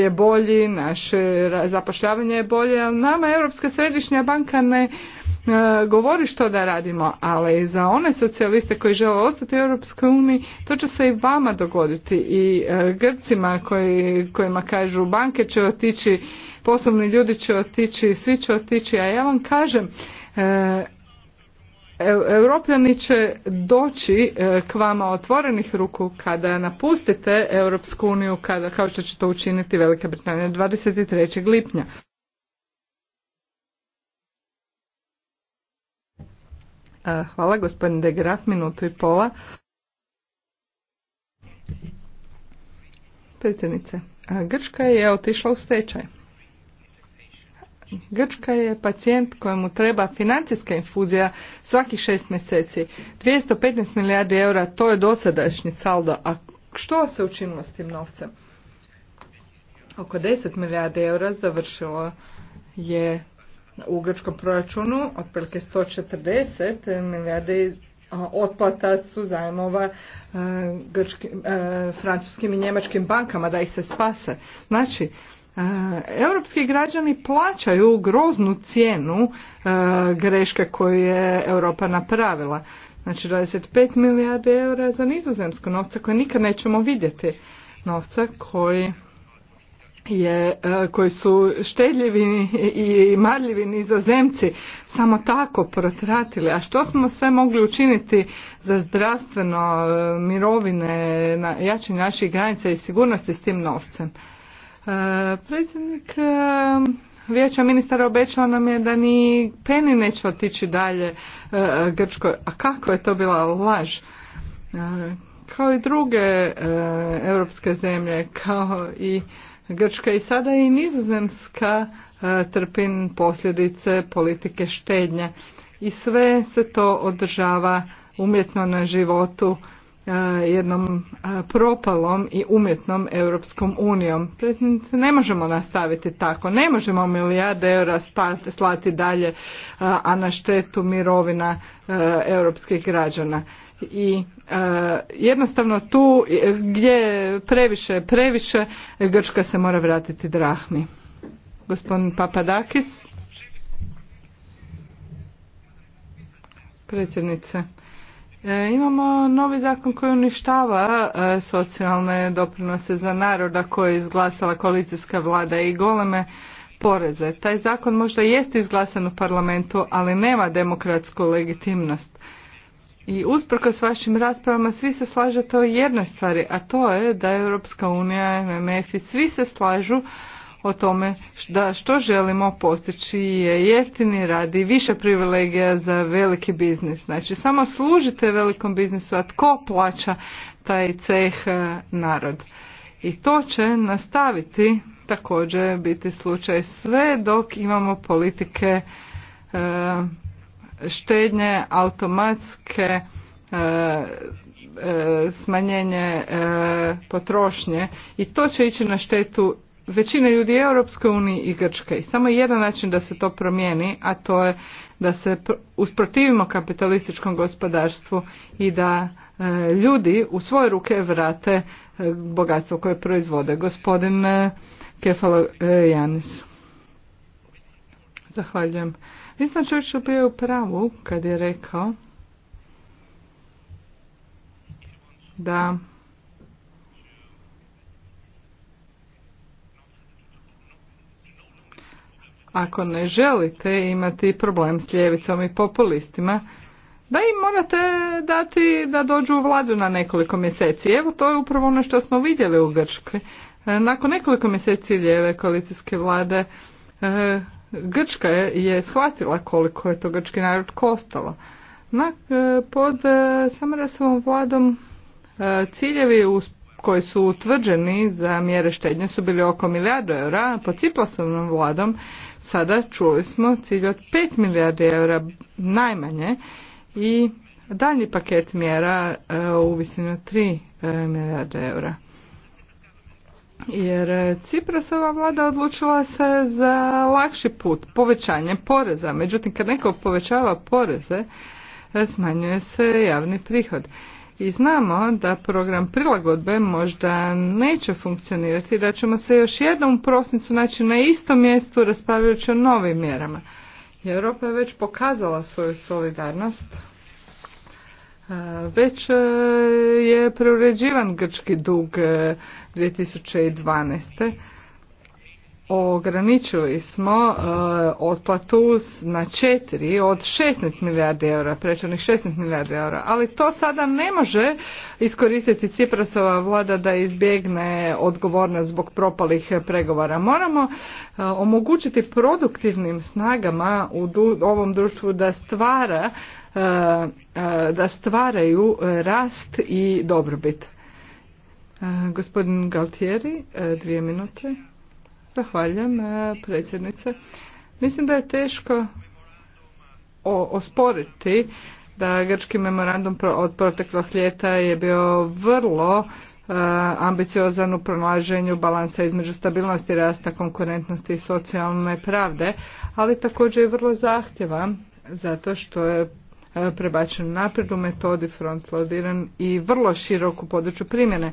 je bolji, naše zapošljavanje je bolje, ali nama Europska središnja banka ne E, govori što da radimo, ali i za one socijaliste koji žele ostati u Europskoj uniji, to će se i vama dogoditi i e, Grcima koji, kojima kažu banke će otići, poslovni ljudi će otići, svi će otići, a ja vam kažem e, Europljani će doći k vama otvorenih ruku kada napustite Europsku uniju, kada, kao što će to učiniti Velika Britanija 23. lipnja. E, hvala gospodin De Graf, minutu i pola. Predsjednice, e, Grčka je otišla u stečaj. Grčka je pacijent kojemu treba financijska infuzija svakih šest mjeseci. 215 milijardi eura, to je dosadašnji saldo. A što se učinilo s tim novcem? Oko 10 milijardi eura završilo je u grčkom proračunu, otprilike 140 milijarde otplata su zajmova e, e, francuskim i njemačkim bankama da ih se spase. Znači, e, europski građani plaćaju groznu cijenu greške koju je Europa napravila. Znači 25 milijardi eura za nizozemsko novca koje nikad nećemo vidjeti. Novca koji je, e, koji su štedljivi i marljivi nizozemci samo tako protratili. A što smo sve mogli učiniti za zdravstveno, e, mirovine, jačanje naših granica i sigurnosti s tim novcem? E, predsjednik Vijeća ministara obećao nam je da ni peni neće otići dalje e, Grčkoj. A kako je to bila laž? kao i druge europske zemlje, kao i Grčka i sada i nizozemska e, trpin posljedice politike štednje. I sve se to održava umjetno na životu e, jednom e, propalom i umjetnom Europskom unijom. Ne možemo nastaviti tako, ne možemo milijarde eura slati dalje, a na štetu mirovina europskih građana i e, jednostavno tu e, gdje je previše previše Grčka se mora vratiti drahmi. Gospodin Papadakis. Predsjednice. E, imamo novi zakon koji uništava socijalne doprinose za naroda koje je izglasala koalicijska vlada i goleme poreze. Taj zakon možda jest izglasan u parlamentu, ali nema demokratsku legitimnost. I s vašim raspravama svi se slažete o jednoj stvari, a to je da Europska unija, MMF i svi se slažu o tome da što želimo postići je jeftini rad i više privilegija za veliki biznis. Znači samo služite velikom biznisu, a tko plaća taj ceh e, narod. I to će nastaviti također biti slučaj sve dok imamo politike e, štednje, automatske e, e, smanjenje e, potrošnje i to će ići na štetu većine ljudi u Europskoj uniji i Grčke. I samo jedan način da se to promijeni, a to je da se usprotivimo kapitalističkom gospodarstvu i da ljudi u svoje ruke vrate bogatstvo koje proizvode. Gospodin Kefalo Janis. Zahvaljujem. Mislim Churchill bio u pravu kad je rekao da ako ne želite imati problem s ljevicom i populistima, da im morate dati da dođu u vladu na nekoliko mjeseci. Evo to je upravo ono što smo vidjeli u Grčkoj. E, nakon nekoliko mjeseci lijeve koalicijske vlade e, Grčka je, shvatila koliko je to grčki narod kostalo. E, pod e, Samarasovom vladom e, ciljevi koji su utvrđeni za mjere štednje su bili oko milijardu eura, pod ciplosovnom vladom sada čuli smo cilj od 5 milijardi eura najmanje i dalji paket mjera u od 3 milijarde eura jer e, Ciprasova vlada odlučila se za lakši put, povećanje poreza. Međutim, kad neko povećava poreze, e, smanjuje se javni prihod. I znamo da program prilagodbe možda neće funkcionirati, da ćemo se još jednom u prosincu naći na istom mjestu raspravljajući o novim mjerama. Europa je već pokazala svoju solidarnost već e, je preuređivan grčki dug 2012. E, Ograničili smo e, otplatu na 4 od 16 milijardi eura, prečanih 16 milijardi eura, ali to sada ne može iskoristiti Ciprasova vlada da izbjegne odgovornost zbog propalih pregovora. Moramo omogućiti produktivnim snagama u ovom društvu da stvara Eh, da stvaraju rast i dobrobit. Eh, gospodin Galtieri, eh, dvije minute. Zahvaljujem, predsjednice. Mislim da je teško osporiti da grčki memorandum od proteklog ljeta je bio vrlo ambiciozan u pronalaženju balansa između stabilnosti rasta, konkurentnosti i socijalne pravde, ali također je vrlo zahtjevan zato što je E, prebačen naprijed u metodi frontloadiran i vrlo široku području primjene.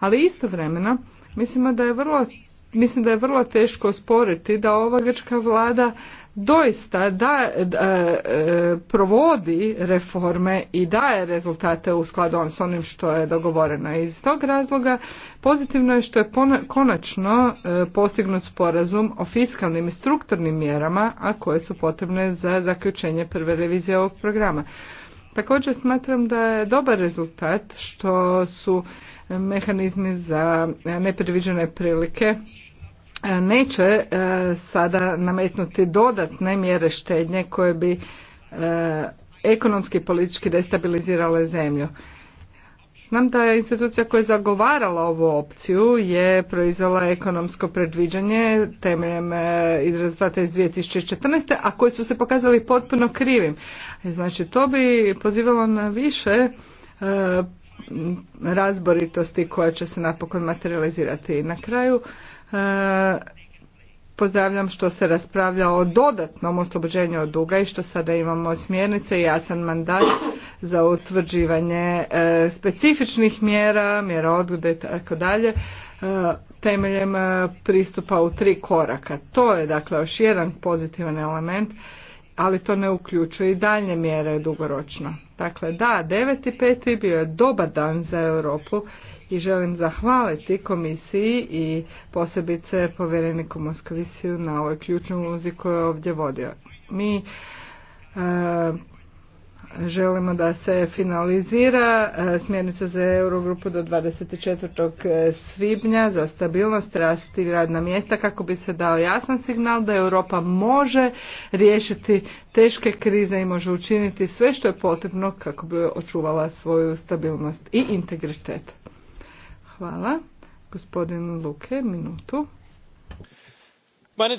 Ali istovremeno mislimo da je vrlo mislim da je vrlo teško sporiti da ova grčka vlada doista da, e, e, provodi reforme i daje rezultate u skladu s onim što je dogovoreno. Iz tog razloga pozitivno je što je konačno e, postignut sporazum o fiskalnim i strukturnim mjerama, a koje su potrebne za zaključenje prve revizije ovog programa. Također smatram da je dobar rezultat što su mehanizmi za nepredviđene prilike e, neće e, sada nametnuti dodatne mjere štednje koje bi e, ekonomski i politički destabilizirale zemlju. Znam da je institucija koja je zagovarala ovu opciju je proizvela ekonomsko predviđanje temeljem e, rezultata iz 2014. a koji su se pokazali potpuno krivim. E, znači to bi pozivalo na više e, razboritosti koja će se napokon materializirati. na kraju pozdravljam što se raspravlja o dodatnom oslobođenju od duga i što sada imamo smjernice i jasan mandat za utvrđivanje e, specifičnih mjera, mjera odgode i tako dalje e, temeljem e, pristupa u tri koraka. To je dakle još jedan pozitivan element, ali to ne uključuje i dalje mjere dugoročno. Dakle, da, 9.5. bio je dobar dan za Europu i želim zahvaliti komisiji i posebice povjereniku Moskvisiju na ovoj ključnoj ulozi koju je ovdje vodio. Mi e, želimo da se finalizira e, smjernica za Eurogrupu do 24. E, svibnja za stabilnost, rast i radna mjesta kako bi se dao jasan signal da Europa može riješiti teške krize i može učiniti sve što je potrebno kako bi očuvala svoju stabilnost i integritet. Hvala. Gospodin Luke, minutu. Meine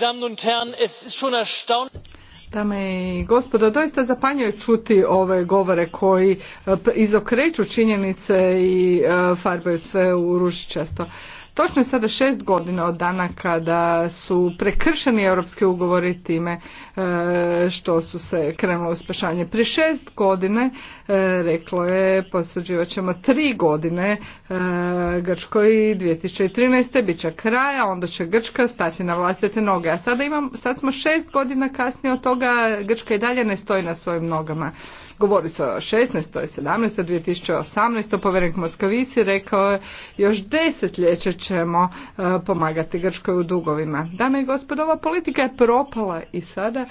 Dame i gospodo, doista zapanjuje čuti ove govore koji e, izokreću činjenice i e, farbaju sve u ružičasto. Točno je sada šest godina od dana kada su prekršeni europski ugovori time e, što su se krenulo u spašanje. Prije šest godine e, reklo je posuđivat ćemo tri godine e, Grčkoj 2013. bit će kraja, onda će Grčka stati na vlastite noge. A sada, imam, sad smo šest godina kasnije od toga Grčka i dalje ne stoji na svojim nogama. Govori se o 16. 17. 2018. Povjerenik Moskovici rekao je još desetljeće ćemo e, pomagati Grčkoj u dugovima. Dame i gospodo, ova politika je propala i sada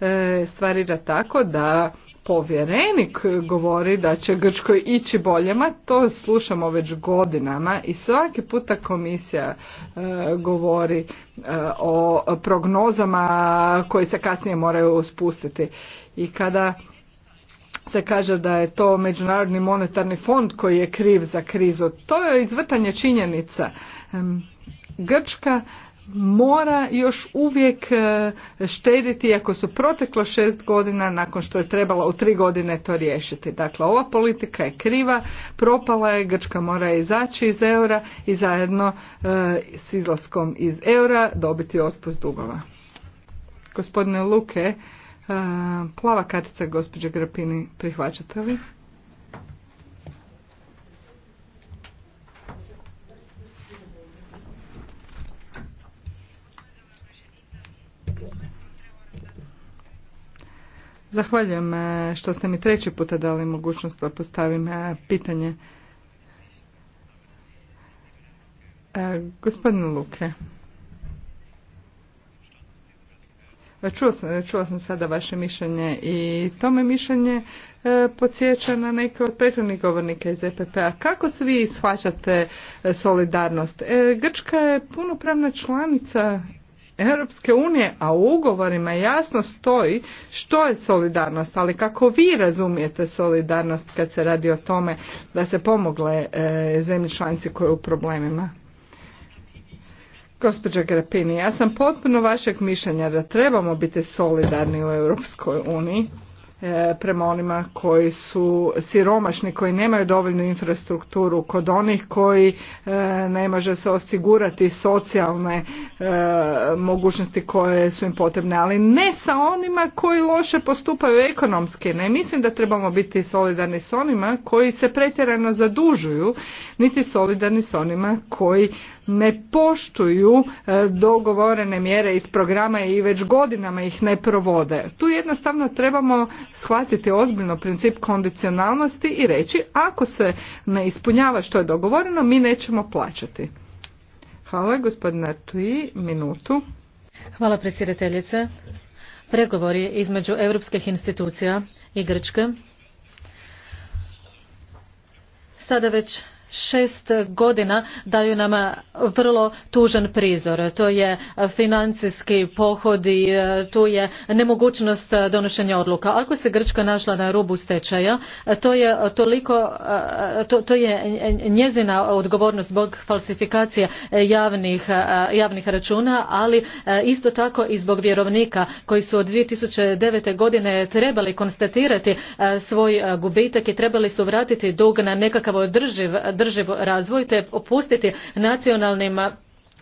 e, stvarira tako da povjerenik govori da će Grčkoj ići bolje, to slušamo već godinama i svaki puta komisija e, govori o prognozama koje se kasnije moraju spustiti. I kada se kaže da je to Međunarodni monetarni fond koji je kriv za krizu. To je izvrtanje činjenica. Grčka mora još uvijek e, štediti ako su proteklo šest godina nakon što je trebala u tri godine to riješiti. Dakle, ova politika je kriva, propala je, Grčka mora izaći iz eura i zajedno e, s izlaskom iz eura dobiti otpust dugova. Gospodine Luke, Plava kartica, gospođe Grapini, prihvaćate li? Zahvaljujem e, što ste mi treći puta dali mogućnost da postavim e, pitanje. E, gospodin Luke. E, čuo sam, e, sam sada vaše mišljenje i to me mišljenje e, podsjeća na neke od prethodnih govornika iz EPP-a. Kako svi shvaćate e, solidarnost? Grčka je punopravna članica Europske unije, a u ugovorima jasno stoji što je solidarnost, ali kako vi razumijete solidarnost kad se radi o tome da se pomogle e, zemlji članici koje je u problemima? Gospođo Grapini, ja sam potpuno vašeg mišljenja da trebamo biti solidarni u Europskoj uniji e, prema onima koji su siromašni, koji nemaju dovoljnu infrastrukturu, kod onih koji e, ne može se osigurati socijalne e, mogućnosti koje su im potrebne, ali ne sa onima koji loše postupaju ekonomski. Ne mislim da trebamo biti solidarni s onima koji se pretjerano zadužuju, niti solidarni s onima koji ne poštuju e, dogovorene mjere iz programa i već godinama ih ne provode. Tu jednostavno trebamo shvatiti ozbiljno princip kondicionalnosti i reći ako se ne ispunjava što je dogovoreno mi nećemo plaćati. Hvala gospodine Tui, minutu. Hvala predsjedateljice. Pregovori između europskih institucija i Grčke sada već šest godina daju nam e, vrlo tužan prizor. To je financijski pohodi, e, tu je nemogućnost e, donošenja odluka. Ako se Grčka našla na rubu stečaja, to je toliko, to, to je njezina odgovornost zbog falsifikacije javnih, javnih računa, ali isto tako i zbog vjerovnika koji su od 2009. godine trebali konstatirati svoj gubitak i trebali su vratiti dug na nekakav održiv održiv razvoj te opustiti nacionalnim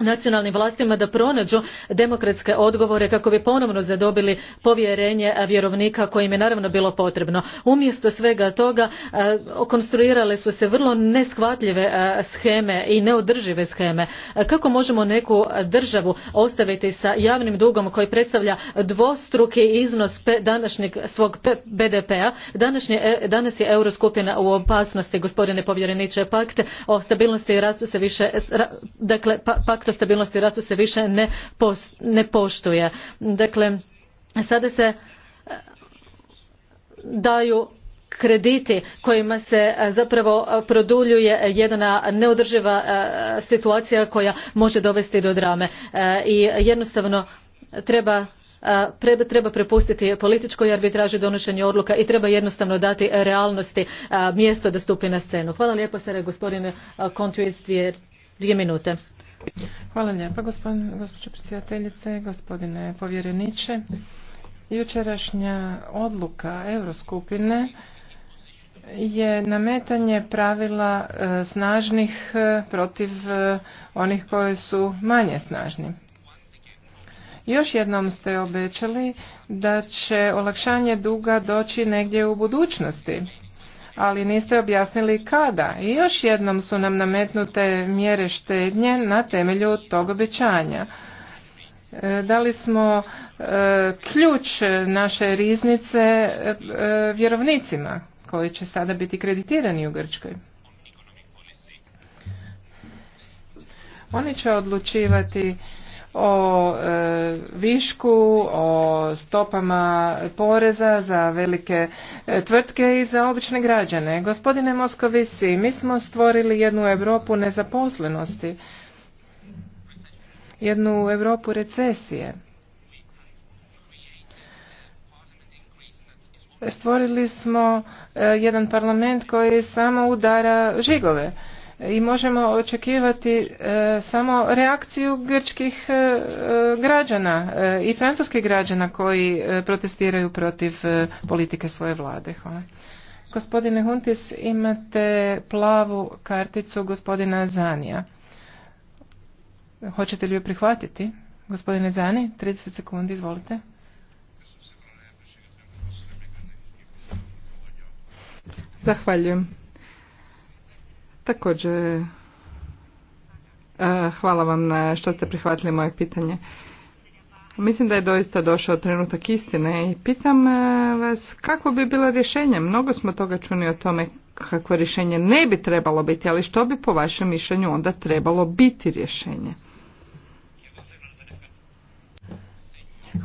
nacionalnim vlastima da pronađu demokratske odgovore kako bi ponovno zadobili povjerenje vjerovnika kojim je naravno bilo potrebno. Umjesto svega toga konstruirale su se vrlo neshvatljive sheme i neodržive sheme. Kako možemo neku državu ostaviti sa javnim dugom koji predstavlja dvostruki iznos današnjeg svog BDP-a? E, danas je Euroskupina u opasnosti, gospodine povjereniče, pakt o stabilnosti i rastu se više, dakle, pa, pakt o stabilnosti i rastu se više ne, poštuje. Dakle, sada se eh, daju krediti kojima se eh, zapravo eh, produljuje jedna neodrživa situacija koja može dovesti do drame i jednostavno treba treba prepustiti političkoj arbitraži donošenje odluka i treba jednostavno dati realnosti mjesto da stupi na scenu. Hvala lijepo sada gospodine Kontu iz dvije minute. Hvala lijepa, gospođo predsjedateljice, gospodine povjereniče. Jučerašnja odluka Euroskupine je nametanje pravila e, snažnih e, protiv e, onih koji su manje snažni. Još jednom ste obećali da će olakšanje duga doći negdje u budućnosti ali niste objasnili kada. I još jednom su nam nametnute mjere štednje na temelju tog obećanja. E, li smo e, ključ naše riznice e, vjerovnicima koji će sada biti kreditirani u Grčkoj. Oni će odlučivati o e, višku, o stopama poreza za velike e, tvrtke i za obične građane. Gospodine Moskovisi, mi smo stvorili jednu Europu nezaposlenosti, jednu Europu recesije. Stvorili smo e, jedan parlament koji samo udara žigove i možemo očekivati e, samo reakciju grčkih e, građana e, i francuskih građana koji protestiraju protiv politike svoje vlade. Hvala. Gospodine Huntis, imate plavu karticu gospodina Zanija. Hoćete li ju prihvatiti? Gospodine Zani, 30 sekundi, izvolite. Zahvaljujem. Također, e, hvala vam na što ste prihvatili moje pitanje. Mislim da je doista došao trenutak istine i pitam e, vas kako bi bilo rješenje. Mnogo smo toga čuli o tome kakvo rješenje ne bi trebalo biti, ali što bi po vašem mišljenju onda trebalo biti rješenje?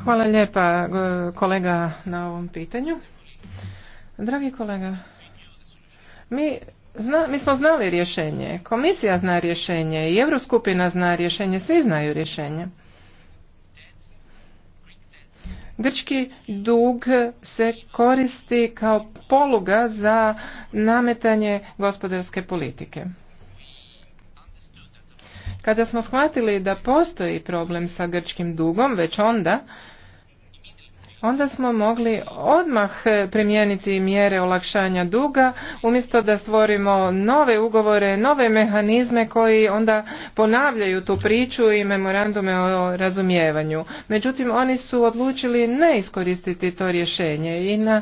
Hvala lijepa kolega na ovom pitanju. Dragi kolega, mi mi smo znali rješenje, komisija zna rješenje i Euroskupina zna rješenje, svi znaju rješenje. Grčki dug se koristi kao poluga za nametanje gospodarske politike. Kada smo shvatili da postoji problem sa grčkim dugom, već onda onda smo mogli odmah e, primijeniti mjere olakšanja duga umjesto da stvorimo nove ugovore, nove mehanizme koji onda ponavljaju tu priču i memorandume o razumijevanju. Međutim, oni su odlučili ne iskoristiti to rješenje i na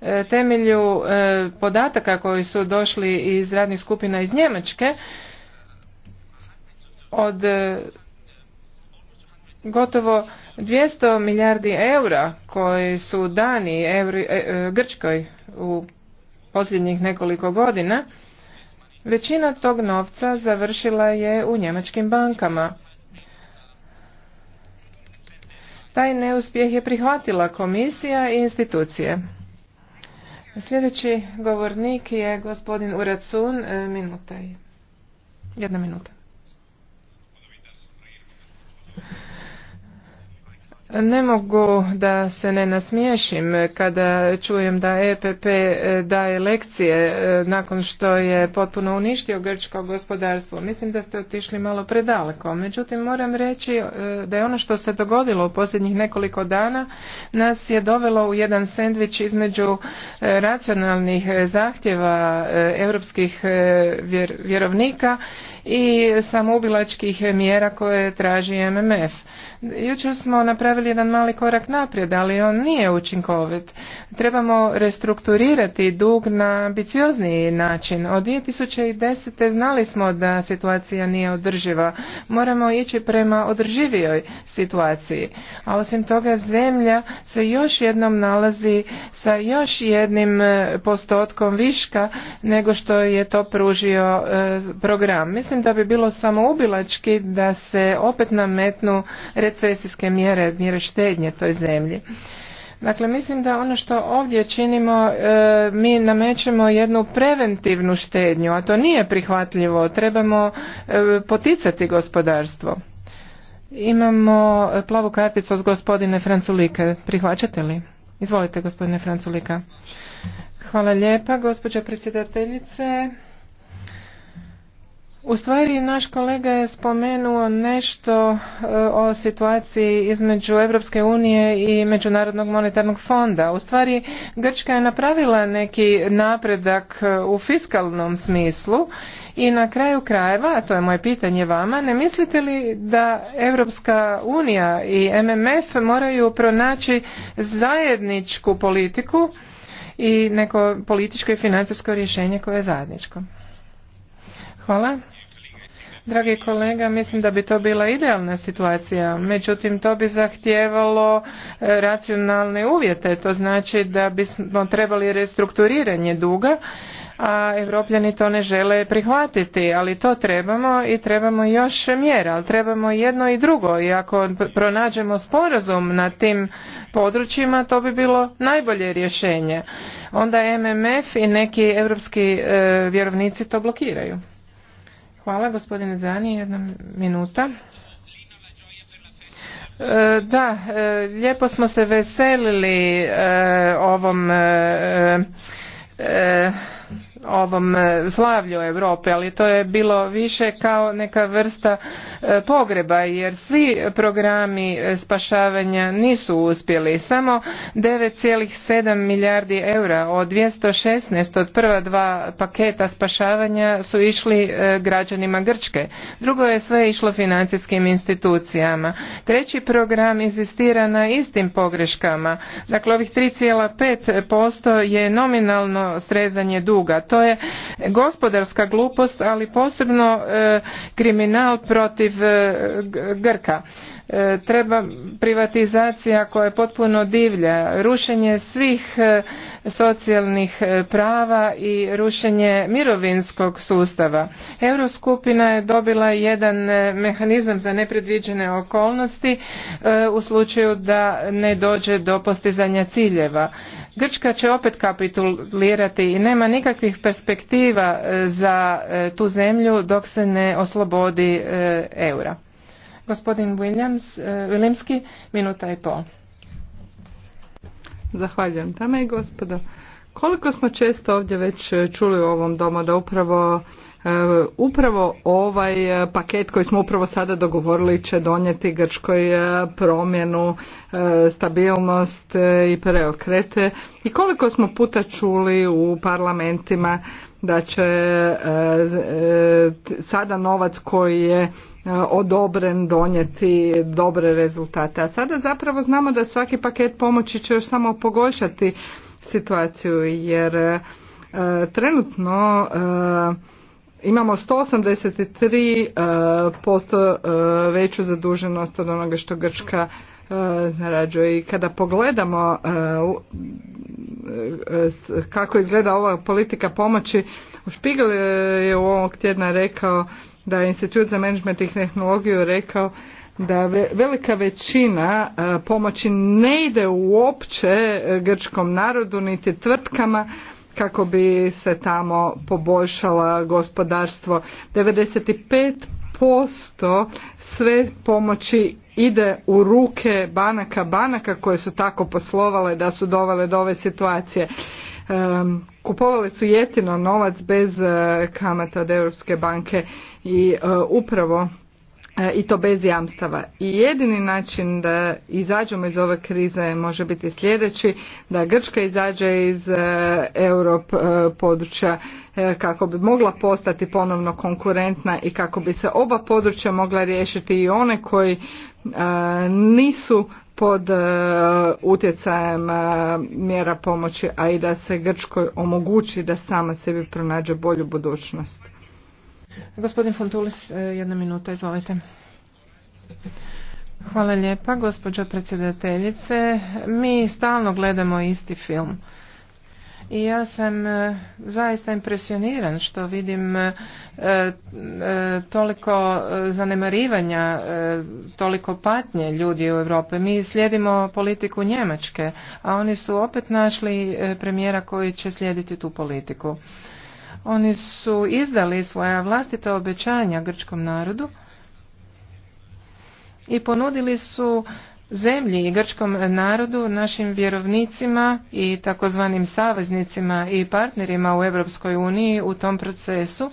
e, temelju e, podataka koji su došli iz radnih skupina iz Njemačke od gotovo 200 milijardi eura koji su dani e, e, Grčkoj u posljednjih nekoliko godina, većina tog novca završila je u njemačkim bankama. Taj neuspjeh je prihvatila komisija i institucije. Sljedeći govornik je gospodin Uracun, e, minuta. Jedna minuta. Ne mogu da se ne nasmiješim kada čujem da EPP e, daje lekcije e, nakon što je potpuno uništio grčko gospodarstvo. Mislim da ste otišli malo predaleko. Međutim, moram reći e, da je ono što se dogodilo u posljednjih nekoliko dana nas je dovelo u jedan sendvič između racionalnih zahtjeva europskih vjerovnika i samoubilačkih mjera koje traži MMF. Jučer smo napravili jedan mali korak naprijed, ali on nije učinkovit. Trebamo restrukturirati dug na ambiciozniji način. Od 2010. znali smo da situacija nije održiva. Moramo ići prema održivijoj situaciji. A osim toga zemlja se još jednom nalazi sa još jednim e, postotkom viška nego što je to pružio e, program. Mislim Mislim da bi bilo samoubilački da se opet nametnu recesijske mjere, mjere štednje toj zemlji. Dakle, mislim da ono što ovdje činimo, e, mi namećemo jednu preventivnu štednju, a to nije prihvatljivo. Trebamo e, poticati gospodarstvo. Imamo e, plavu karticu od gospodine Franculike. Prihvaćate li? Izvolite gospodine Franculika. Hvala lijepa gospođo predsjedateljice. U stvari naš kolega je spomenuo nešto e, o situaciji između Europske unije i Međunarodnog monetarnog fonda. U stvari Grčka je napravila neki napredak e, u fiskalnom smislu i na kraju krajeva, a to je moje pitanje vama, ne mislite li da Europska unija i MMF moraju pronaći zajedničku politiku i neko političko i financijsko rješenje koje je zajedničko? Hvala. Dragi kolega, mislim da bi to bila idealna situacija, međutim to bi zahtijevalo e, racionalne uvjete, to znači da bismo trebali restrukturiranje duga, a Evropljani to ne žele prihvatiti, ali to trebamo i trebamo još mjera, ali trebamo jedno i drugo i ako pronađemo sporazum na tim područjima to bi bilo najbolje rješenje. Onda MMF i neki europski e, vjerovnici to blokiraju. Hvala gospodine Zani, jedna minuta. E, da, e, lijepo smo se veselili e, ovom ovom e, slavlju Europe, ali to je bilo više kao neka vrsta e, pogreba jer svi programi e, spašavanja nisu uspjeli. Samo 9,7 milijardi eura od 216 od prva dva paketa spašavanja su išli građanima Grčke. Drugo je sve išlo financijskim institucijama. Treći program inzistira na istim pogreškama. Dakle, ovih 3,5% je nominalno srezanje duga to je gospodarska glupost ali posebno e, kriminal protiv e, grka e, treba privatizacija koja je potpuno divlja rušenje svih socijalnih e, prava i rušenje mirovinskog sustava. Euroskupina je dobila jedan e, mehanizam za nepredviđene okolnosti e, u slučaju da ne dođe do postizanja ciljeva. Grčka će opet kapitulirati i nema nikakvih perspektiva za tu zemlju dok se ne oslobodi eura. Gospodin Williams, Williamski, minuta i pol. Zahvaljujem Dame i gospodo. Koliko smo često ovdje već e, čuli u ovom domu da upravo e, Upravo ovaj e, paket koji smo upravo sada dogovorili će donijeti Grčkoj promjenu, stabilnost i preokrete. I koliko smo puta čuli u parlamentima da će e, e, sada novac koji je e, odobren donijeti dobre rezultate. A sada zapravo znamo da svaki paket pomoći će još samo pogoršati situaciju jer trenutno imamo 183% veću zaduženost od onoga što Grčka Eh, zarađuje. I kada pogledamo eh, eh, kako izgleda ova politika pomoći, Špigel je u ovog tjedna rekao da je Institut za management i tehnologiju rekao da velika većina pomoći ne ide uopće grčkom narodu niti tvrtkama kako bi se tamo poboljšala gospodarstvo. 95% sve pomoći ide u ruke banaka banaka koje su tako poslovale da su dovele do ove situacije. Kupovali su jetino novac bez eh, kamata od Europske banke i eh, upravo E, i to bez jamstava. I jedini način da izađemo iz ove krize može biti sljedeći, da Grčka izađe iz e, Europ e, područja kako bi mogla postati ponovno konkurentna i kako bi se oba područja mogla riješiti i one koji nisu pod utjecajem mjera pomoći, a i da se Grčkoj omogući da sama sebi pronađe bolju budućnost. Gospodin Fontulis, e, jedna minuta, izvolite. Hvala lijepa, gospođo predsjedateljice. Mi stalno gledamo isti film. I ja sam e, zaista impresioniran što vidim e, toliko zanemarivanja, toliko patnje ljudi u Europi. Mi slijedimo politiku Njemačke, a oni su opet našli premijera koji će slijediti tu politiku. Oni su izdali svoja vlastita obećanja grčkom narodu i ponudili su zemlji i grčkom narodu, našim vjerovnicima i takozvanim saveznicima i partnerima u Europskoj uniji u tom procesu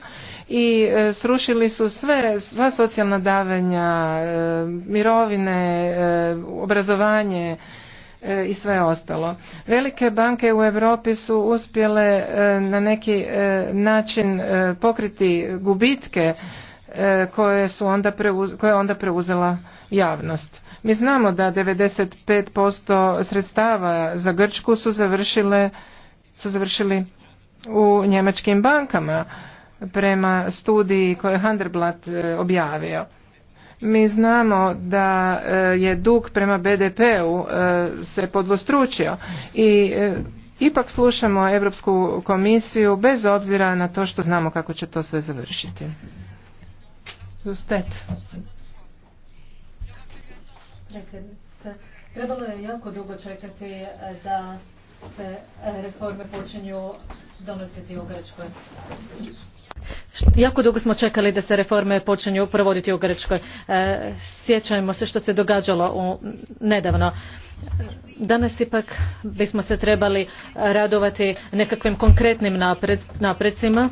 i e, srušili su sve, sva socijalna davanja, e, mirovine, e, obrazovanje, E, i sve ostalo. Velike banke u Europi su uspjele e, na neki e, način pokriti gubitke koje, su onda koje je onda preuzela javnost. Mi znamo da 95% sredstava za Grčku su, završile, su završili u njemačkim bankama prema studiji koje je Handerblatt objavio. Mi znamo da e, je dug prema BDP-u e, se podvostručio i e, ipak slušamo Europsku komisiju bez obzira na to što znamo kako će to sve završiti. Zustet. Trebalo je jako dugo čekati da se reforme počinju donositi u Grčkoj jako dugo smo čekali da se reforme počinju provoditi u grčkoj e, sjećajmo se što se događalo u, nedavno danas ipak bismo se trebali radovati nekakvim konkretnim napredcima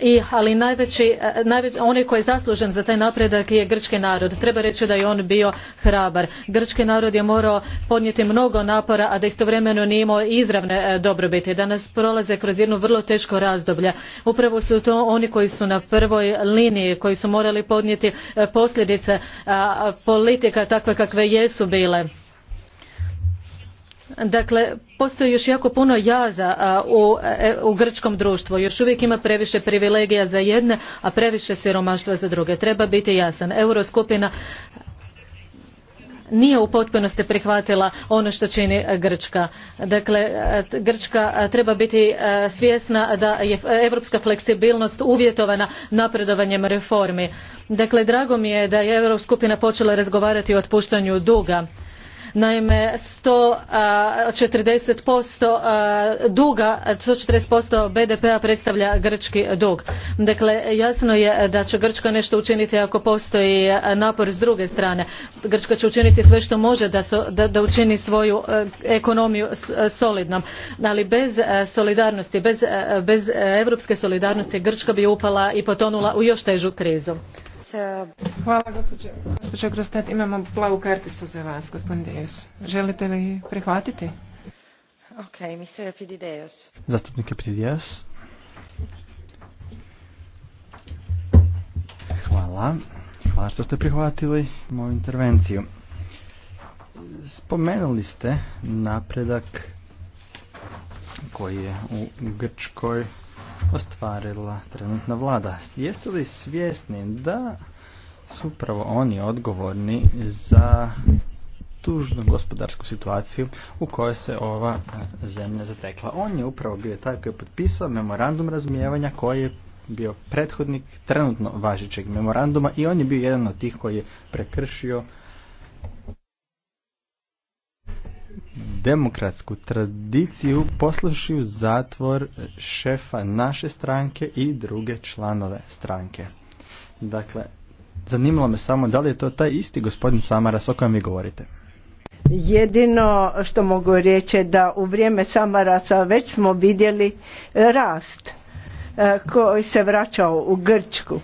i ali e, onaj koji je zaslužen za taj napredak je grčki narod. Treba reći da je on bio hrabar. Grčki narod je morao podnijeti mnogo napora, a da istovremeno nije imao izravne e, dobrobiti. Danas prolaze kroz jedno vrlo teško razdoblje. Upravo su to oni koji su na prvoj liniji, koji su morali podnijeti e, posljedice politika takve kakve jesu bile Dakle, postoji još jako puno jaza e, u, grčkom društvu. Još uvijek ima previše privilegija za jedne, a previše siromaštva za druge. Treba biti jasan. Euroskupina nije u potpunosti prihvatila ono što čini Grčka. Dakle, Grčka treba biti svjesna da je europska fleksibilnost uvjetovana napredovanjem reformi. Dakle, drago mi je da je Euroskupina počela razgovarati o otpuštanju duga Naime, 140% duga, 140% BDP-a predstavlja grčki dug. Dakle, jasno je da će Grčka nešto učiniti ako postoji napor s druge strane. Grčka će učiniti sve što može da, učini svoju e, ekonomiju e, solidnom. Ali bez e, solidarnosti, bez, bez europske solidarnosti Grčka bi upala i potonula u još težu krizu. Eh, Hvala gospođo, Grostat. Imamo plavu karticu za vas, gospodin Deus. Želite li prihvatiti? Ok, Mr. Epidideus. Zastupnik Epidideus. Hvala. Hvala što ste prihvatili moju intervenciju. Spomenuli ste napredak koji je u Grčkoj ostvarila trenutna vlada. Jeste li svjesni da su upravo oni odgovorni za tužnu gospodarsku situaciju u kojoj se ova e, zemlja zatekla. On je upravo bio taj koji je potpisao memorandum razmijevanja koji je bio prethodnik trenutno važećeg memoranduma i on je bio jedan od tih koji je prekršio demokratsku tradiciju poslušio zatvor šefa naše stranke i druge članove stranke. Dakle, zanimalo me samo da li je to taj isti gospodin Samaras o kojem vi govorite. Jedino što mogu reći je da u vrijeme Samarasa već smo vidjeli rast eh, koji se vraćao u Grčku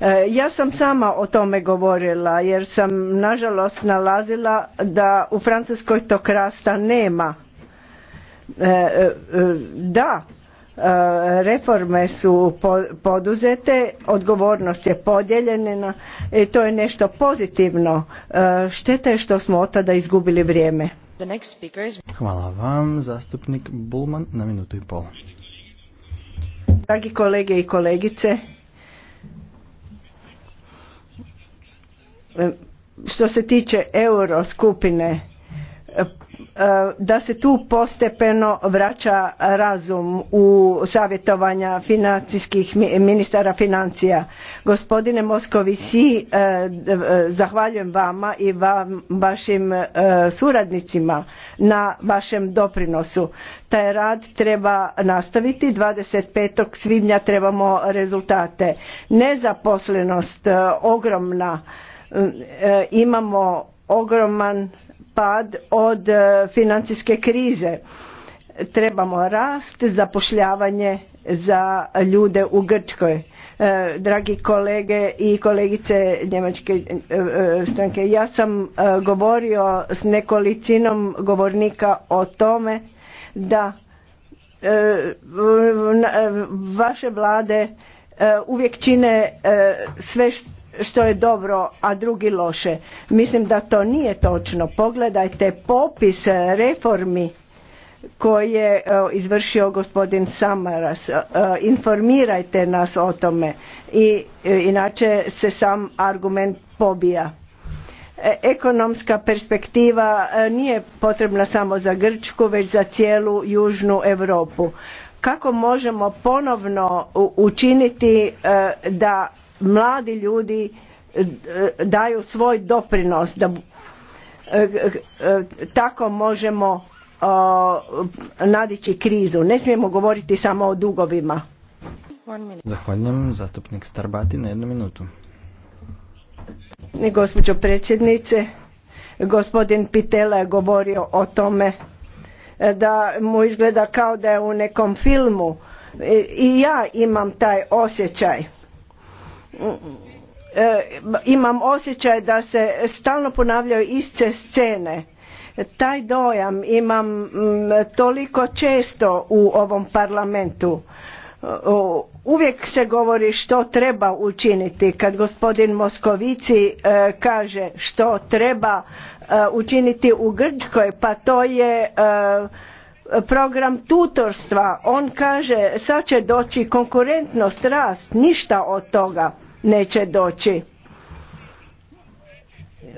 E, ja sam sama o tome govorila jer sam nažalost nalazila da u Francuskoj tog rasta nema. E, e, da, reforme su poduzete, odgovornost je podijeljena i to je nešto pozitivno. Šteta je što smo od tada izgubili vrijeme. Hvala vam, zastupnik Bulman, na minutu i pol. Dragi kolege i kolegice, što se tiče euro skupine e, da se tu postepeno vraća razum u savjetovanja financijskih ministara financija. Gospodine Moskovici, e, e, zahvaljujem vama i vašim suradnicima na vašem doprinosu. Taj rad treba nastaviti, 25. svibnja trebamo rezultate. Nezaposlenost ogromna E, imamo ogroman pad od e, financijske krize. Trebamo rast, zapošljavanje za ljude u Grčkoj. E, dragi kolege i kolegice Njemačke stranke, ja sam govorio s nekolicinom govornika o tome da vaše vlade uvijek čine sve što što je dobro, a drugi loše. Mislim da to nije točno. Pogledajte popis reformi koje je izvršio gospodin Samaras. E, e, informirajte nas o tome i e, inače se sam argument pobija. Ekonomska perspektiva nije potrebna samo za Grčku, već za cijelu južnu Europu. Kako možemo ponovno učiniti da mladi ljudi e, daju svoj doprinos da e, e, tako možemo nadići krizu. Ne smijemo govoriti samo o dugovima. Zahvaljujem zastupnik Starbati na jednu minutu. Gospođo predsjednice, gospodin Pitela je govorio o tome da mu izgleda kao da je u nekom filmu. I ja imam taj osjećaj E, imam osjećaj da se stalno ponavljaju iste scene taj dojam imam mm, toliko često u ovom parlamentu uvijek se govori što treba učiniti kad gospodin Moskovici e, kaže što treba e, učiniti u Grčkoj pa to je program tutorstva, on kaže sad će doći konkurentnost, rast, ništa od toga neće doći.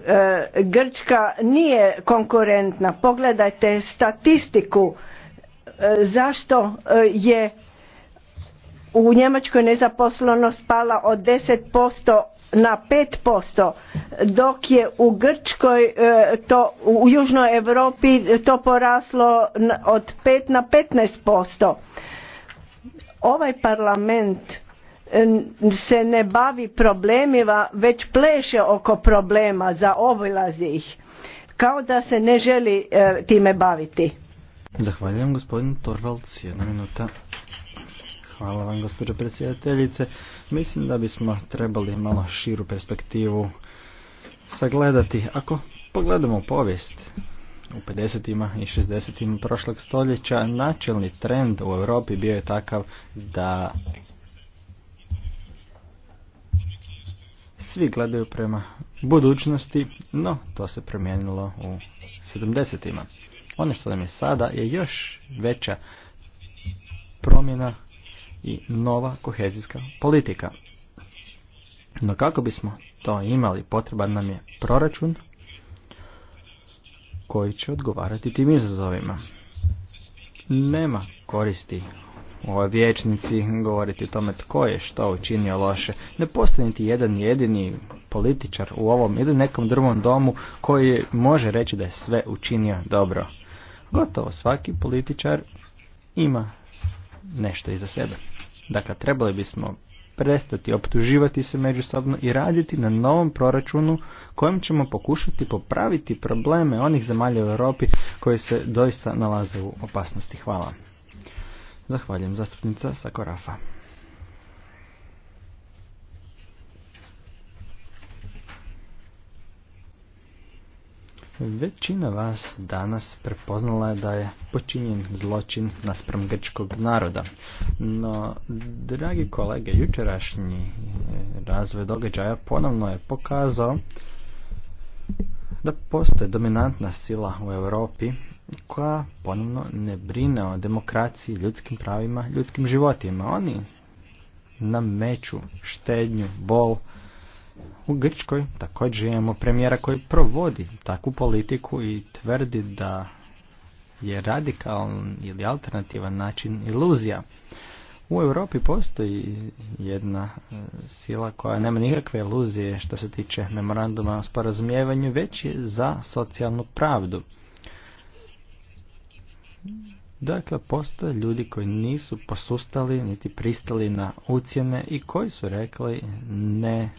E, Grčka nije konkurentna. Pogledajte statistiku e, zašto e, je u Njemačkoj nezaposlenost pala od 10% na 5%, dok je u Grčkoj, e, to, u Južnoj Europi to poraslo od 5 na 15%. Ovaj parlament e, se ne bavi problemima, već pleše oko problema, zaobilazi ih, kao da se ne želi e, time baviti. Zahvaljujem gospodin Torvalds, jedna minuta. Hvala vam gospođo predsjedateljice. Mislim da bismo trebali malo širu perspektivu sagledati. Ako pogledamo povijest u 50. i 60. prošlog stoljeća, načelni trend u Europi bio je takav da svi gledaju prema budućnosti, no to se promijenilo u 70. Ono što nam je sada je još veća promjena i nova kohezijska politika. No kako bismo to imali, potreban nam je proračun koji će odgovarati tim izazovima. Nema koristi u ovoj vječnici govoriti o tome tko je što učinio loše. Ne postoji niti jedan jedini političar u ovom ili nekom drugom domu koji može reći da je sve učinio dobro. Gotovo svaki političar ima nešto iza sebe. Dakle, trebali bismo prestati optuživati se međusobno i raditi na novom proračunu kojem ćemo pokušati popraviti probleme onih zemalja u Europi koji se doista nalaze u opasnosti. Hvala. Zahvaljujem zastupnica Sakorafa. Većina vas danas prepoznala je da je počinjen zločin naspram grčkog naroda. No, dragi kolege, jučerašnji eh, razvoj događaja ponovno je pokazao da postoje dominantna sila u Europi koja ponovno ne brine o demokraciji, ljudskim pravima, ljudskim životima. Oni nameću štednju, bol, u Grčkoj također imamo premijera koji provodi takvu politiku i tvrdi da je radikalan ili alternativan način iluzija. U Europi postoji jedna e, sila koja nema nikakve iluzije što se tiče memoranduma o sporazumijevanju, već je za socijalnu pravdu. Dakle, postoje ljudi koji nisu posustali niti pristali na ucjene i koji su rekli ne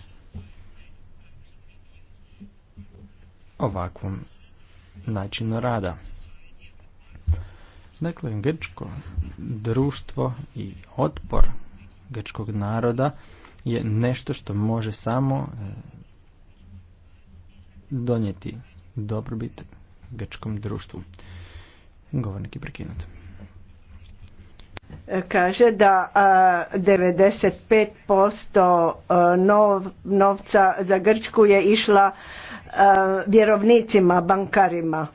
ovakvom načinu rada. Dakle, grčko društvo i otpor grčkog naroda je nešto što može samo e, donijeti dobrobit grčkom društvu. Govornik je prekinut kaže da 95% novca za Grčku je išla vjerovnicima, bankarima.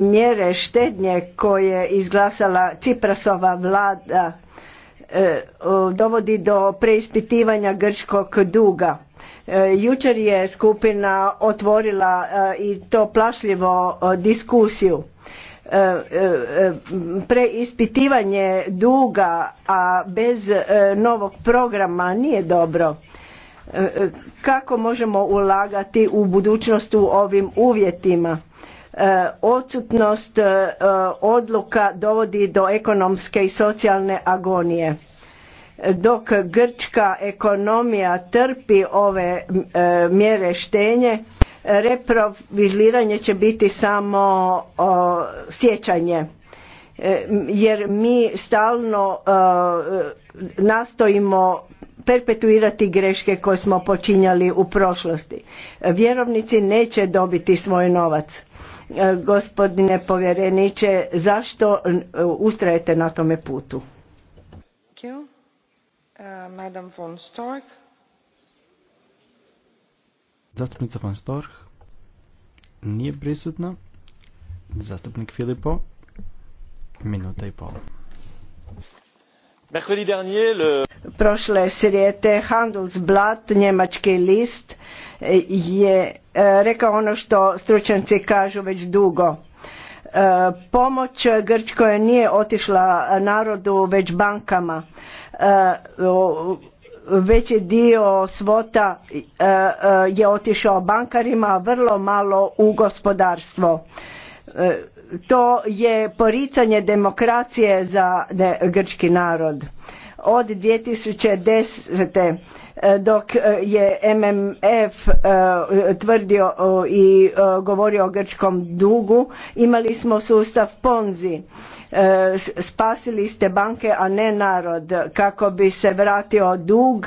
Mjere štednje koje je izglasala Ciprasova vlada e, dovodi do preispitivanja grčkog duga. E, jučer je skupina otvorila e, i to plašljivo diskusiju E, e, preispitivanje duga a bez e, novog programa nije dobro kako možemo ulagati u budućnost u ovim uvjetima odsutnost odluka dovodi do ekonomske i socijalne agonije dok grčka ekonomija trpi ove mjere štenje Reproviziranje će biti samo sjećanje e, jer mi stalno nastojimo perpetuirati greške koje smo počinjali u prošlosti. Vjerovnici neće dobiti svoj novac. E, gospodine povjereniče, zašto e, ustrajete na tome putu? Uh, Madam von Zastupnica von Storch nije prisutna. Zastupnik Filipo, minuta i pol. Prošle srijete Handelsblatt, njemački list, je e, rekao ono što stručnjaci kažu već dugo. E, pomoć Grčkoj nije otišla narodu već bankama e, veći dio svota e, e, je otišao bankarima, a vrlo malo u gospodarstvo. E, to je poricanje demokracije za grčki narod. Od 2010. E, dok e, je MMF e, tvrdio i govorio o grčkom dugu, imali smo sustav Ponzi. Spasili ste banke, a ne narod, kako bi se vratio dug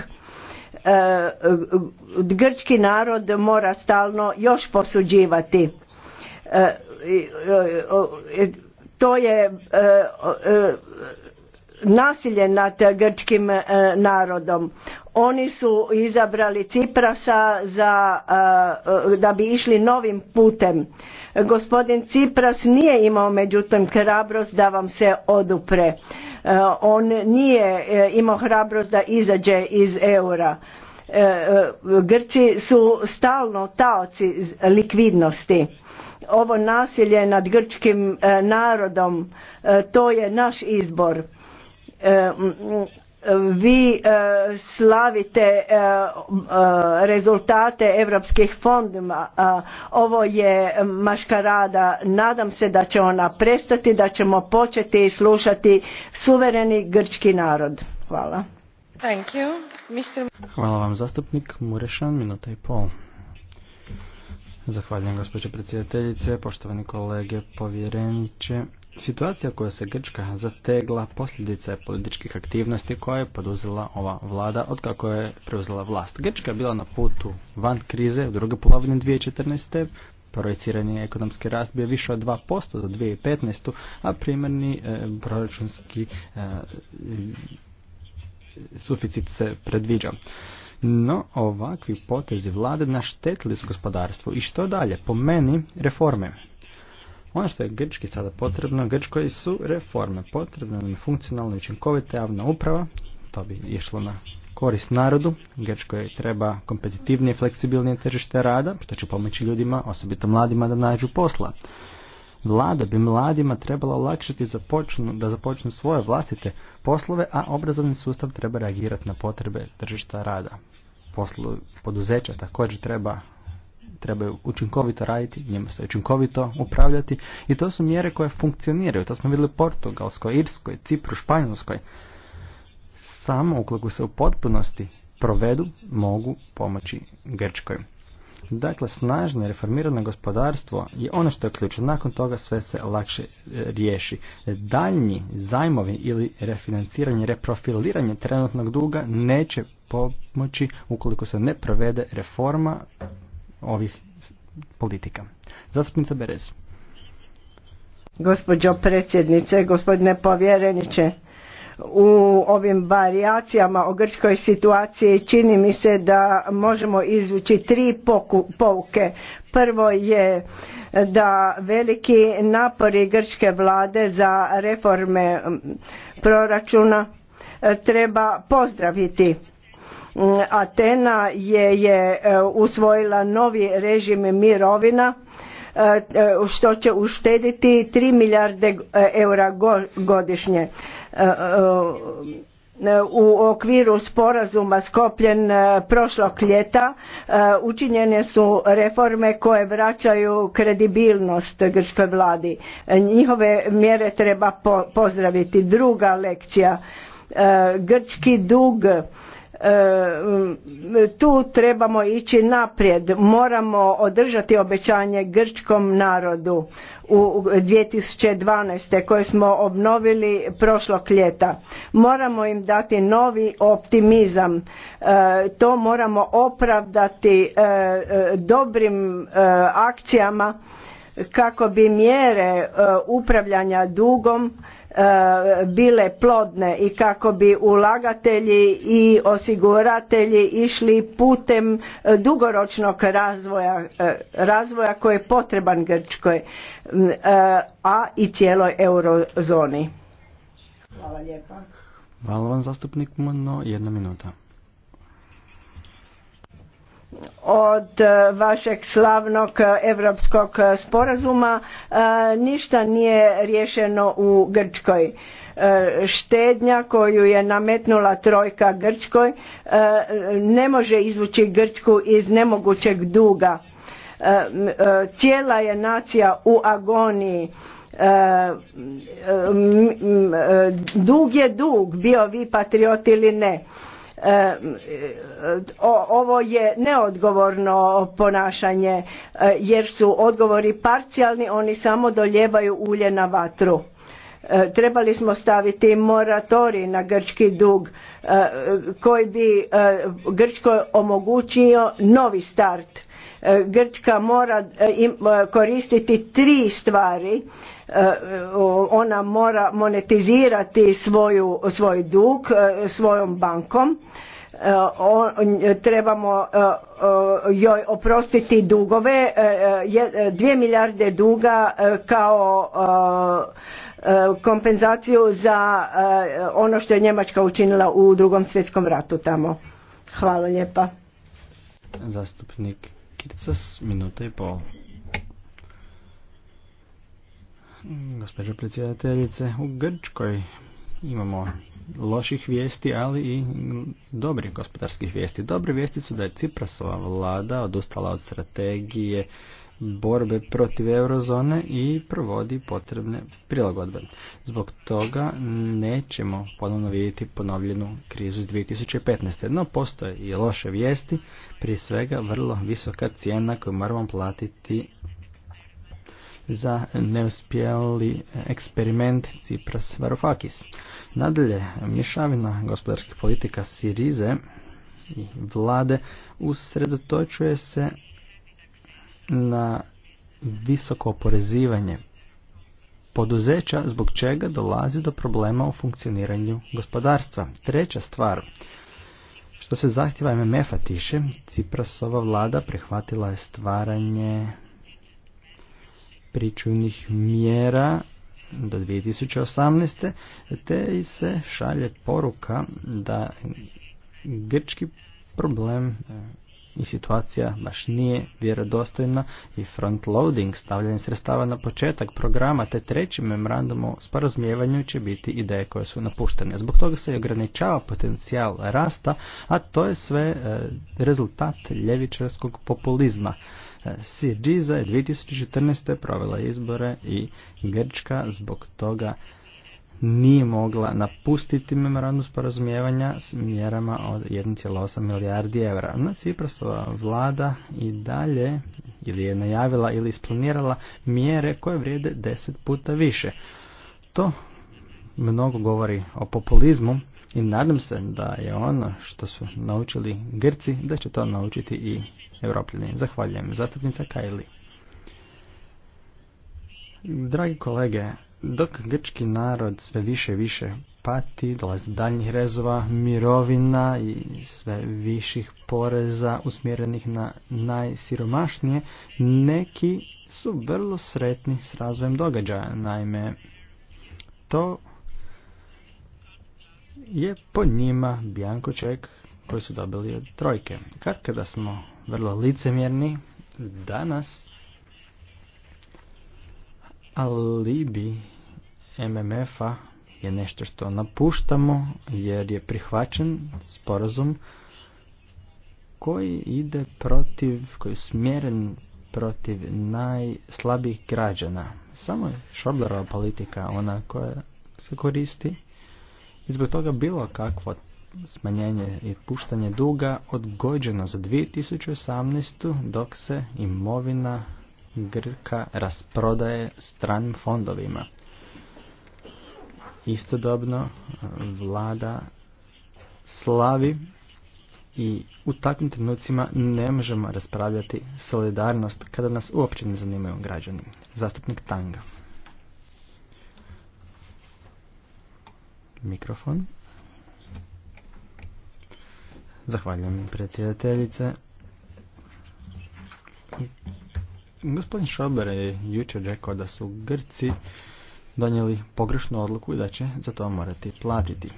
grčki narod mora stalno još posuđivati. To je nasilje nad grčkim e, narodom. Oni su izabrali Ciprasa za, e, e, da bi išli novim putem. Gospodin Cipras nije imao međutim hrabrost da vam se odupre. On nije imao hrabrost da izađe iz eura. Grci su stalno taoci likvidnosti. Ovo nasilje nad grčkim narodom, to je naš izbor E, vi e, slavite e, rezultate europskih fondova ovo je maškarada nadam se da će ona prestati da ćemo početi slušati suvereni grčki narod hvala Hvala vam zastupnik Murešan, minuta i pol. Zahvaljujem predsjedateljice, poštovani kolege povjereniče. Situacija koja se Grčka zategla posljedica je političkih aktivnosti koje je poduzela ova vlada od kako je preuzela vlast. Grčka je bila na putu van krize u drugoj polovini 2014. Projecirani ekonomski rast bio više od 2% za 2015. a primarni e, proračunski e, suficit se predviđa. No, ovakvi potezi vlade naštetili su gospodarstvu i što dalje? Po meni, reforme ono što je Grčki sada potrebno, Grčkoj su reforme. Potrebna nam je funkcionalna i učinkovita javna uprava, to bi išlo na korist narodu. Grčkoj treba kompetitivnije i fleksibilnije tržište rada, što će pomoći ljudima, osobito mladima, da nađu posla. Vlada bi mladima trebala olakšati da započnu svoje vlastite poslove, a obrazovni sustav treba reagirati na potrebe tržišta rada. Poslu, poduzeća također treba trebaju učinkovito raditi, njima se učinkovito upravljati i to su mjere koje funkcioniraju. To smo vidjeli u Portugalskoj, Irskoj, Cipru, Španjolskoj. Samo ukoliko se u potpunosti provedu, mogu pomoći Grčkoj. Dakle, snažno reformirano gospodarstvo je ono što je ključno. Nakon toga sve se lakše riješi. Daljnji zajmovi ili refinanciranje, reprofiliranje trenutnog duga neće pomoći ukoliko se ne provede reforma ovih politika. Zastupnica Berez. Gospođo predsjednice, gospodine povjereniče, u ovim varijacijama o grčkoj situaciji čini mi se da možemo izvući tri pouke. Prvo je da veliki napori grčke vlade za reforme proračuna e, treba pozdraviti Mm, Atena je, je e, usvojila novi režim mirovina e, e, što će uštediti 3 milijarde eura godišnje. U okviru sporazuma skopljen prošlog ljeta učinjene su reforme koje vraćaju kredibilnost grčke vladi. Njihove mjere treba pozdraviti. Druga lekcija, grčki dug E, tu trebamo ići naprijed moramo održati obećanje grčkom narodu u 2012. koje smo obnovili prošlog ljeta moramo im dati novi optimizam e, to moramo opravdati e, dobrim akcijama kako bi mjere upravljanja dugom bile plodne i kako bi ulagatelji i osiguratelji išli putem e, dugoročnog razvoja, e, razvoja koji je potreban Grčkoj, e, a i cijeloj eurozoni. Hvala lijepa. Hvala vam zastupnik jedna minuta od e, vašeg slavnog europskog e, sporazuma e, ništa nije riješeno u Grčkoj. Štednja koju je nametnula trojka Grčkoj ne može izvući Grčku iz nemogućeg duga. Cijela je nacija u agoniji. Dug je dug, bio vi patriot ili ne ovo je neodgovorno ponašanje e, jer su odgovori parcijalni, oni samo doljevaju ulje na vatru e, trebali smo staviti moratorij na grčki dug e, koji bi Grčkoj omogućio novi start. Grčka mora koristiti tri stvari Eh, ona mora monetizirati svoju, svoj dug eh, svojom bankom eh, trebamo joj oprostiti dugove dvije milijarde duga kao kompenzaciju za ono što je Njemačka učinila u drugom svjetskom ratu tamo. Hvala lijepa. Zastupnik Kircas, minuta i pol. Gospođo predsjedateljice, u Grčkoj imamo loših vijesti, ali i dobrih gospodarskih vijesti. Dobre vijesti su da je Ciprasova vlada odustala od strategije borbe protiv eurozone i provodi potrebne prilagodbe. Zbog toga nećemo ponovno vidjeti ponovljenu krizu iz 2015. No postoje i loše vijesti, prije svega vrlo visoka cijena koju moramo platiti za neuspjeli eksperiment Cipras Varoufakis. Nadalje, mješavina gospodarskih politika Sirize i vlade usredotočuje se na visoko oporezivanje poduzeća zbog čega dolazi do problema u funkcioniranju gospodarstva. Treća stvar, što se zahtjeva MMF-a tiše, Ciprasova vlada prihvatila je stvaranje pričuvnih mjera do 2018. te se šalje poruka da grčki problem e, i situacija baš nije vjerodostojna i frontloading stavljanje sredstava na početak programa te treći memorandum o sporazumijevanju će biti ideje koje su napuštene. Zbog toga se i ograničava potencijal rasta, a to je sve e, rezultat ljevičarskog populizma. Sirđiza je 2014. provela izbore i Grčka zbog toga nije mogla napustiti memorandum sporazumijevanja s mjerama od 1,8 milijardi eura. Na Ciprasova vlada i dalje ili je najavila ili isplanirala mjere koje vrijede 10 puta više. To mnogo govori o populizmu i nadam se da je ono što su naučili Grci, da će to naučiti i Europljani. Zahvaljujem. Zastupnica Kajli. Dragi kolege, dok grčki narod sve više i više pati, dolazi daljnjih rezova, mirovina i sve viših poreza usmjerenih na najsiromašnije, neki su vrlo sretni s razvojem događaja. Naime, to je po njima bianco Ček koji su dobili od trojke. Kad kada smo vrlo licemjerni, danas alibi MMF-a je nešto što napuštamo jer je prihvaćen sporazum koji ide protiv, koji je smjeren protiv najslabijih građana. Samo je Šoblerova politika ona koja se koristi i zbog toga bilo kakvo smanjenje i puštanje duga odgođeno za 2018. dok se imovina Grka rasprodaje stranim fondovima. Istodobno vlada slavi i u takvim trenucima ne možemo raspravljati solidarnost kada nas uopće ne zanimaju građani. Zastupnik Tanga. Mikrofon. Zahvaljujem predsjedateljice. Gospodin Šober je jučer rekao da su Grci donijeli pogrešnu odluku i da će za to morati platiti. E,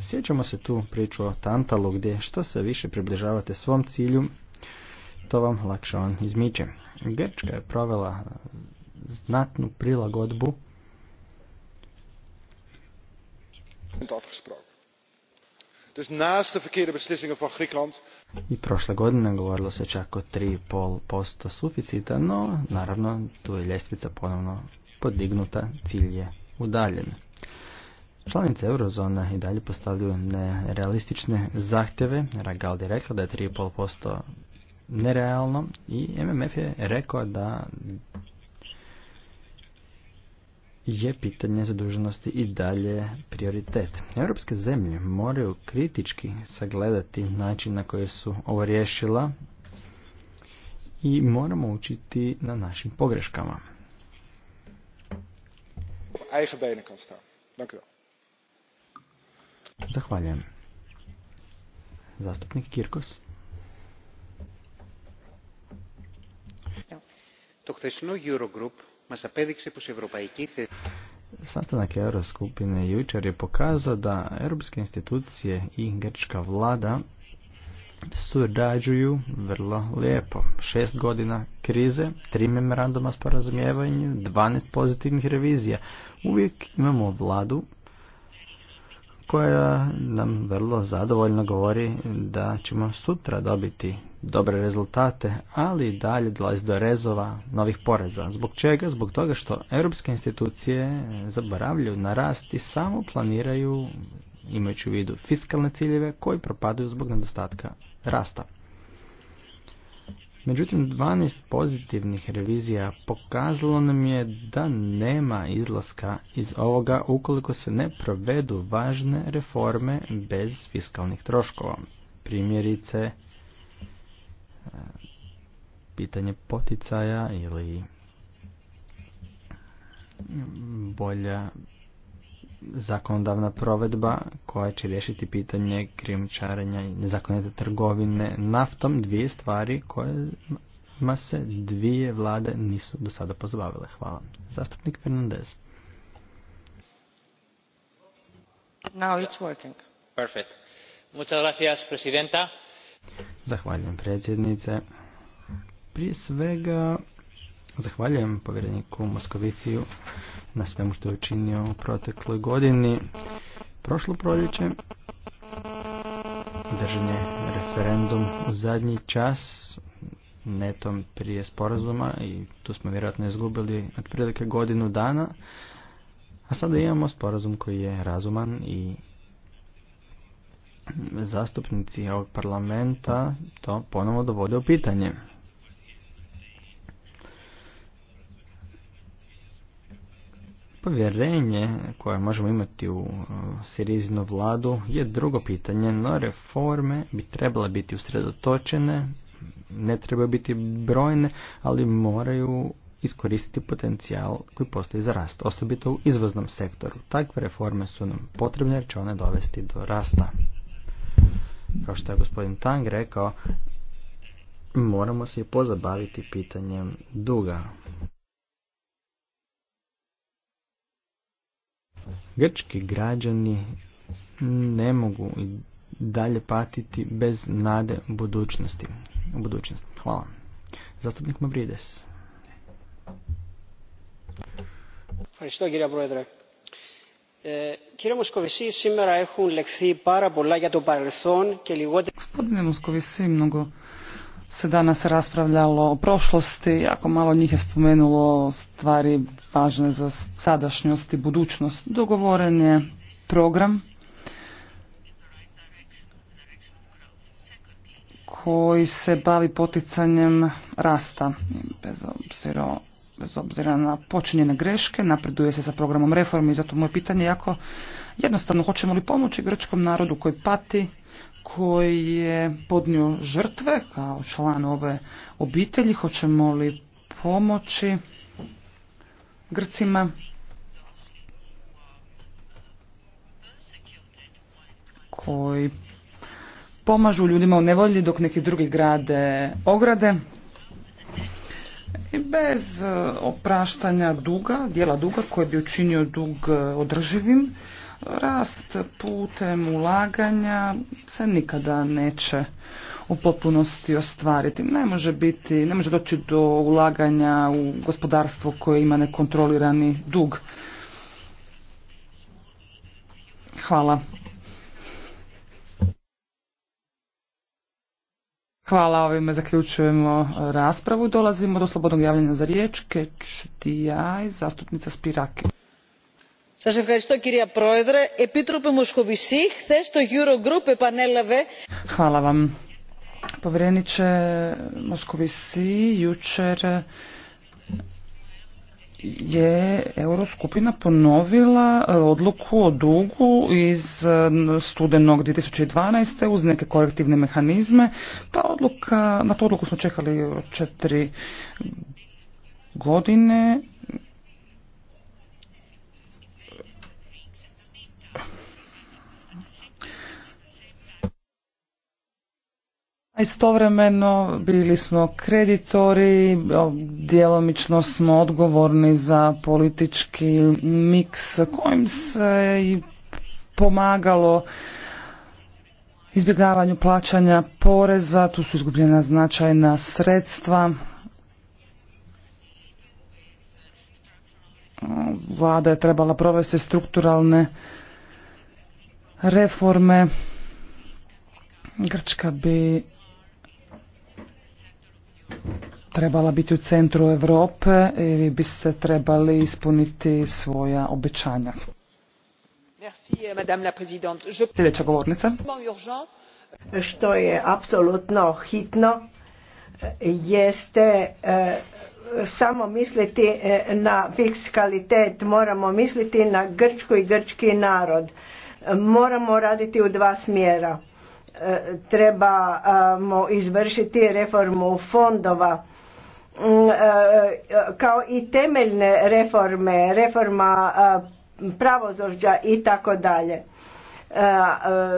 sjećamo se tu priču o Tantalu gdje što se više približavate svom cilju, to vam lakše on izmiče. Grčka je provela znatnu prilagodbu afgesproken. Dus I prošle godine govorilo se čak o 3,5% suficita, no naravno tu je ljestvica ponovno podignuta, cilj je udaljen. Članice eurozona i dalje postavljaju nerealistične zahtjeve. Ragaldi je rekla da je 3,5% nerealno i MMF je rekao da je pitanje zadužnosti i dalje prioritet. Europske zemlje moraju kritički sagledati način na koji su ovo rješila i moramo učiti na našim pogreškama. Dakle. Zahvaljujem. Zastupnik Kirkos. Το Eurogroup Sastanak Euro skupine Sastanak Euroskupine jučer je pokazao da europske institucije i grčka vlada surađuju vrlo lijepo. Šest godina krize, tri memoranduma s porazumijevanju, 12 pozitivnih revizija. Uvijek imamo vladu koja nam vrlo zadovoljno govori da ćemo sutra dobiti dobre rezultate, ali dalje dolazi do rezova novih poreza. Zbog čega? Zbog toga što europske institucije eh, zaboravljaju na rast i samo planiraju, imajući u vidu fiskalne ciljeve, koji propadaju zbog nedostatka rasta. Međutim, 12 pozitivnih revizija pokazalo nam je da nema izlaska iz ovoga ukoliko se ne provedu važne reforme bez fiskalnih troškova. Primjerice, pitanje poticaja ili bolja zakonodavna provedba koja će riješiti pitanje krijumčarenja i nezakonite trgovine naftom, dvije stvari koje se dvije vlade nisu do sada pozbavile. Hvala. Zastupnik Fernandez. Now it's working. Perfect. Muchas gracias, presidenta. Zahvaljujem predsjednice. Prije svega zahvaljujem povjereniku Moskoviciju na svemu što je učinio u protekloj godini. Prošlo proljeće držan referendum u zadnji čas netom prije sporazuma i tu smo vjerojatno izgubili otprilike godinu dana. A sada imamo sporazum koji je razuman i zastupnici ovog parlamenta to ponovo dovode u pitanje. Povjerenje koje možemo imati u uh, sirizinu vladu je drugo pitanje, no reforme bi trebala biti usredotočene, ne trebaju biti brojne, ali moraju iskoristiti potencijal koji postoji za rast, osobito u izvoznom sektoru. Takve reforme su nam potrebne jer će one dovesti do rasta. Kao što je gospodin Tang rekao, moramo se i pozabaviti pitanjem duga. Grčki građani ne mogu dalje patiti bez nade budućnosti. budućnosti. Hvala. Zastupnik Mabrides. Hvala što, Eh, Gospodine moscovici mnogo se danas raspravljalo o prošlosti, jako malo njih je spomenulo stvari važne za sadašnjost i budućnost. Dogovoren je program koji se bavi poticanjem rasta, bez obzira bez obzira na počinjene greške, napreduje se sa programom reformi i zato moje pitanje je jako jednostavno hoćemo li pomoći grčkom narodu koji pati, koji je podnio žrtve kao član ove obitelji, hoćemo li pomoći Grcima koji pomažu ljudima u nevolji dok neki drugi grade ograde bez e, opraštanja duga, dijela duga koji bi učinio dug e, održivim, rast putem ulaganja se nikada neće u potpunosti ostvariti. Ne može biti, ne može doći do ulaganja u gospodarstvo koje ima nekontrolirani dug. Hvala. Hvala, ovime zaključujemo e, raspravu. Dolazimo do slobodnog javljanja za riječ. i zastupnica Spiraki. Σας ευχαριστώ κυρία Πρόεδρε. Επίτροπε Μοσκοβισή, χθε το Eurogroup επανέλαβε... Hvala vam. Povjereniče Moskovisi, jučer je Euroskupina ponovila e, odluku o dugu iz studenog 2012. uz neke korektivne mehanizme. Ta odluka, na tu odluku smo čekali četiri godine Istovremeno bili smo kreditori, djelomično smo odgovorni za politički miks kojim se i pomagalo izbjegavanju plaćanja poreza, tu su izgubljena značajna sredstva. Vlada je trebala provesti strukturalne reforme. Grčka bi trebala biti u centru Europe i vi biste trebali ispuniti svoja obećanja. Sljedeća govornica. Što je apsolutno hitno jeste e, samo misliti e, na fiskalitet, moramo misliti na Grčku i grčki narod. Moramo raditi u dva smjera trebamo izvršiti reformu fondova mm, e, e, kao i temeljne reforme, reforma e, pravozorđa i tako dalje.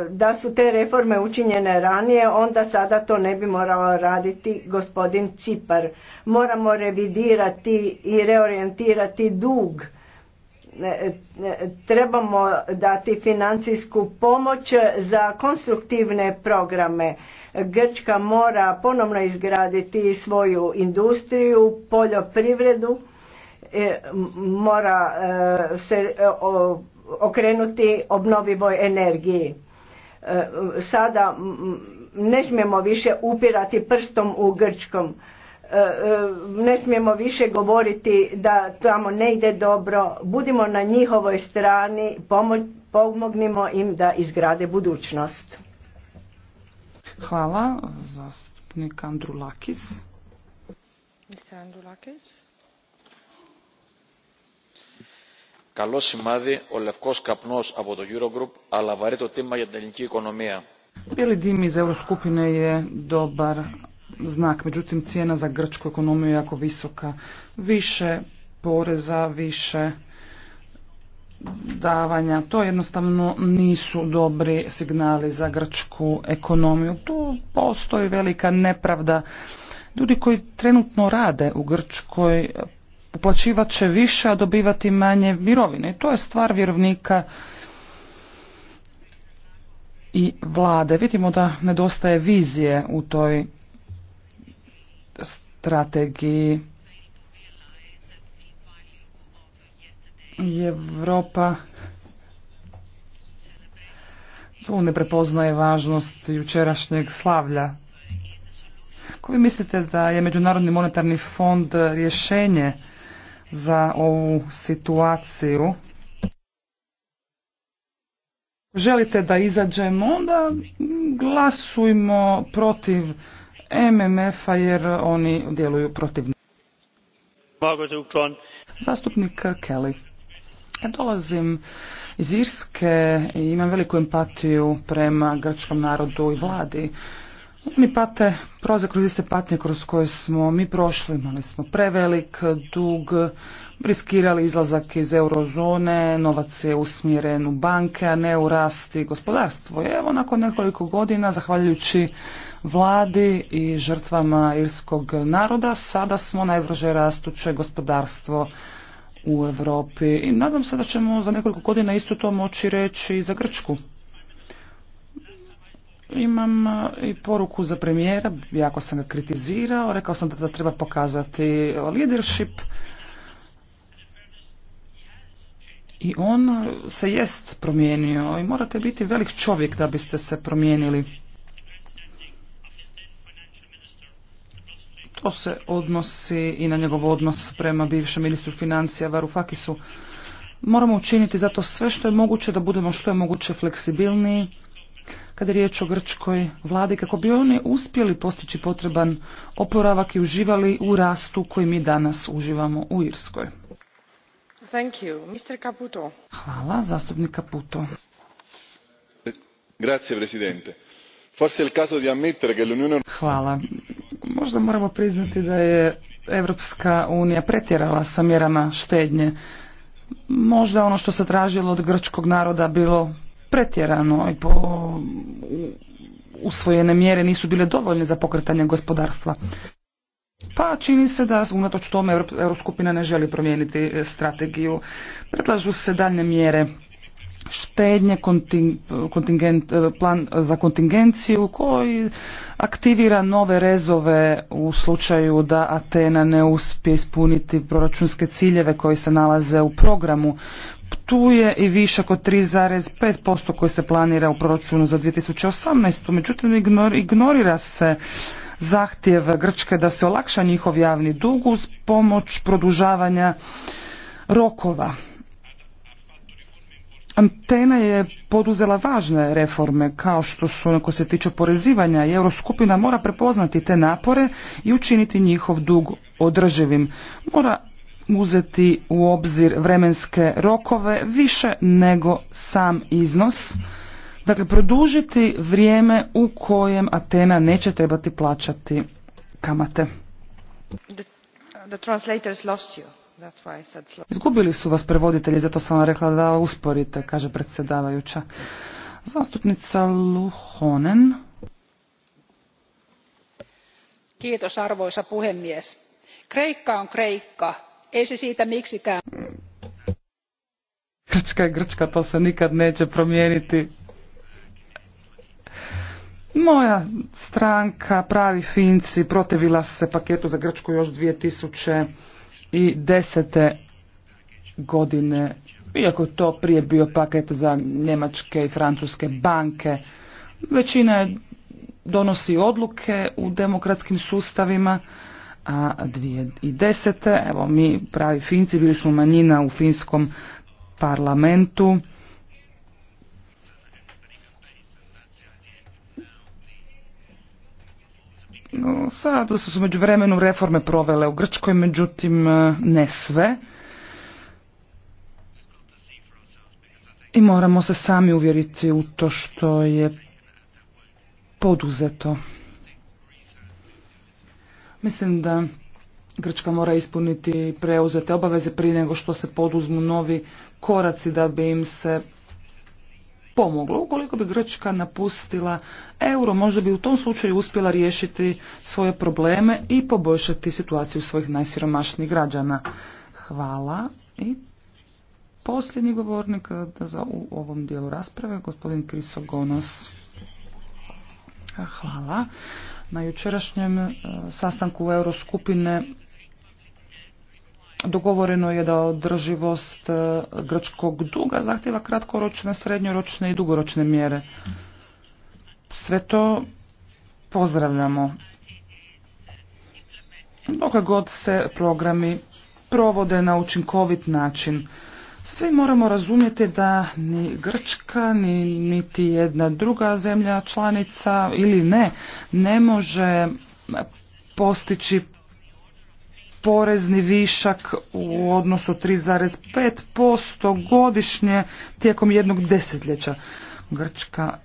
Da su te reforme učinjene ranije, onda sada to ne bi morao raditi gospodin Cipar. Moramo revidirati i reorientirati dug trebamo dati financijsku pomoć za konstruktivne programe. Grčka mora ponovno izgraditi svoju industriju, poljoprivredu, e, mora e, se e, okrenuti obnovivoj energiji. Sada ne smijemo više upirati prstom u Grčkom E, e, ne smijemo više govoriti da tamo ne ide dobro, budimo na njihovoj strani, pomognimo im da izgrade budućnost. Hvala, zastupnik Andrulakis. Mr. Andrulakis. Καλό σημάδι ο λευκός καπνός από το Eurogroup, αλλά βαρύ το τίμα για την Bili dim iz Euroskupine je dobar znak. Međutim, cijena za grčku ekonomiju je jako visoka. Više poreza, više davanja. To jednostavno nisu dobri signali za grčku ekonomiju. Tu postoji velika nepravda. Ljudi koji trenutno rade u Grčkoj uplaćivat će više, a dobivati manje mirovine. I to je stvar vjerovnika i vlade. Vidimo da nedostaje vizije u toj strategiji. Evropa tu ne prepoznaje važnost jučerašnjeg slavlja. Ko vi mislite da je Međunarodni monetarni fond rješenje za ovu situaciju? Želite da izađemo, onda glasujmo protiv MMF-a jer oni djeluju protiv. Zastupnik Kelly. Ja dolazim iz Irske i imam veliku empatiju prema grčkom narodu i vladi. Oni pate, prolaze kroz iste patnje kroz koje smo mi prošli. Imali smo prevelik dug, riskirali izlazak iz eurozone, novac je usmjeren u banke, a ne u rasti gospodarstvo. evo, nakon nekoliko godina, zahvaljujući vladi i žrtvama irskog naroda. Sada smo najbrže rastuće gospodarstvo u Europi i nadam se da ćemo za nekoliko godina isto to moći reći i za Grčku. Imam e, i poruku za premijera, jako sam ga kritizirao, rekao sam da, da treba pokazati leadership i on se jest promijenio i morate biti velik čovjek da biste se promijenili. To se odnosi i na njegov odnos prema bivšem ministru financija Varoufakisu. Moramo učiniti zato sve što je moguće da budemo što je moguće fleksibilniji kada je riječ o grčkoj vladi kako bi oni uspjeli postići potreban oporavak i uživali u rastu koji mi danas uživamo u Irskoj. Thank you. Mr. Caputo. Hvala, zastupnik Caputo. Grazie, Presidente. Forse il caso di ammettere che l'Unione Hvala. Možda moramo priznati da je Evropska unija pretjerala sa mjerama štednje. Možda ono što se tražilo od grčkog naroda bilo pretjerano i po usvojene mjere nisu bile dovoljne za pokretanje gospodarstva. Pa čini se da unatoč tome skupina ne želi promijeniti eh, strategiju. Predlažu se daljne mjere štednje, kontingent, eh, plan za kontingenciju koji aktivira nove rezove u slučaju da Atena ne uspije ispuniti proračunske ciljeve koji se nalaze u programu. Tu je i više od 3,5% koji se planira u proračunu za 2018. Međutim, ignorira se zahtjev Grčke da se olakša njihov javni dug uz pomoć produžavanja rokova. Antena je poduzela važne reforme kao što su koje se tiče porezivanja i Euroskupina mora prepoznati te napore i učiniti njihov dug održivim. Mora uzeti u obzir vremenske rokove više nego sam iznos. Dakle, produžiti vrijeme u kojem Atena neće trebati plaćati kamate. The, the Izgubili su vas prevoditelji, zato sam vam rekla da usporite, kaže predsjedavajuća. Zastupnica Luhonen. Kiitos arvoisa puhemies. Kreikka on Kreikka, ei se siitä miksikään. Grčka je Grčka, to se nikad neće promijeniti. Moja stranka, pravi Finci, protivila se paketu za Grčku još 2000 desete godine, iako to prije bio paket za njemačke i francuske banke, većina donosi odluke u demokratskim sustavima, a 2010. evo mi pravi Finci bili smo manjina u finskom parlamentu Sad su se među vremenu reforme provele u Grčkoj, međutim e, ne sve. I moramo se sami uvjeriti u to što je poduzeto. Mislim da Grčka mora ispuniti preuzete obaveze prije nego što se poduzmu novi koraci da bi im se pomoglo. Ukoliko bi Grčka napustila euro, možda bi u tom slučaju uspjela riješiti svoje probleme i poboljšati situaciju svojih najsiromašnijih građana. Hvala. I posljednji govornik eh, za u ovom dijelu rasprave, gospodin Kriso Gonos. Hvala. Na jučerašnjem eh, sastanku Euroskupine Dogovoreno je da održivost e, grčkog duga zahtjeva kratkoročne, srednjoročne i dugoročne mjere. Sve to pozdravljamo. Dok god se programi provode na učinkovit način. Svi moramo razumjeti da ni Grčka, ni niti jedna druga zemlja članica ili ne, ne može postići porezni višak u odnosu 3,5% godišnje tijekom jednog desetljeća. Grčka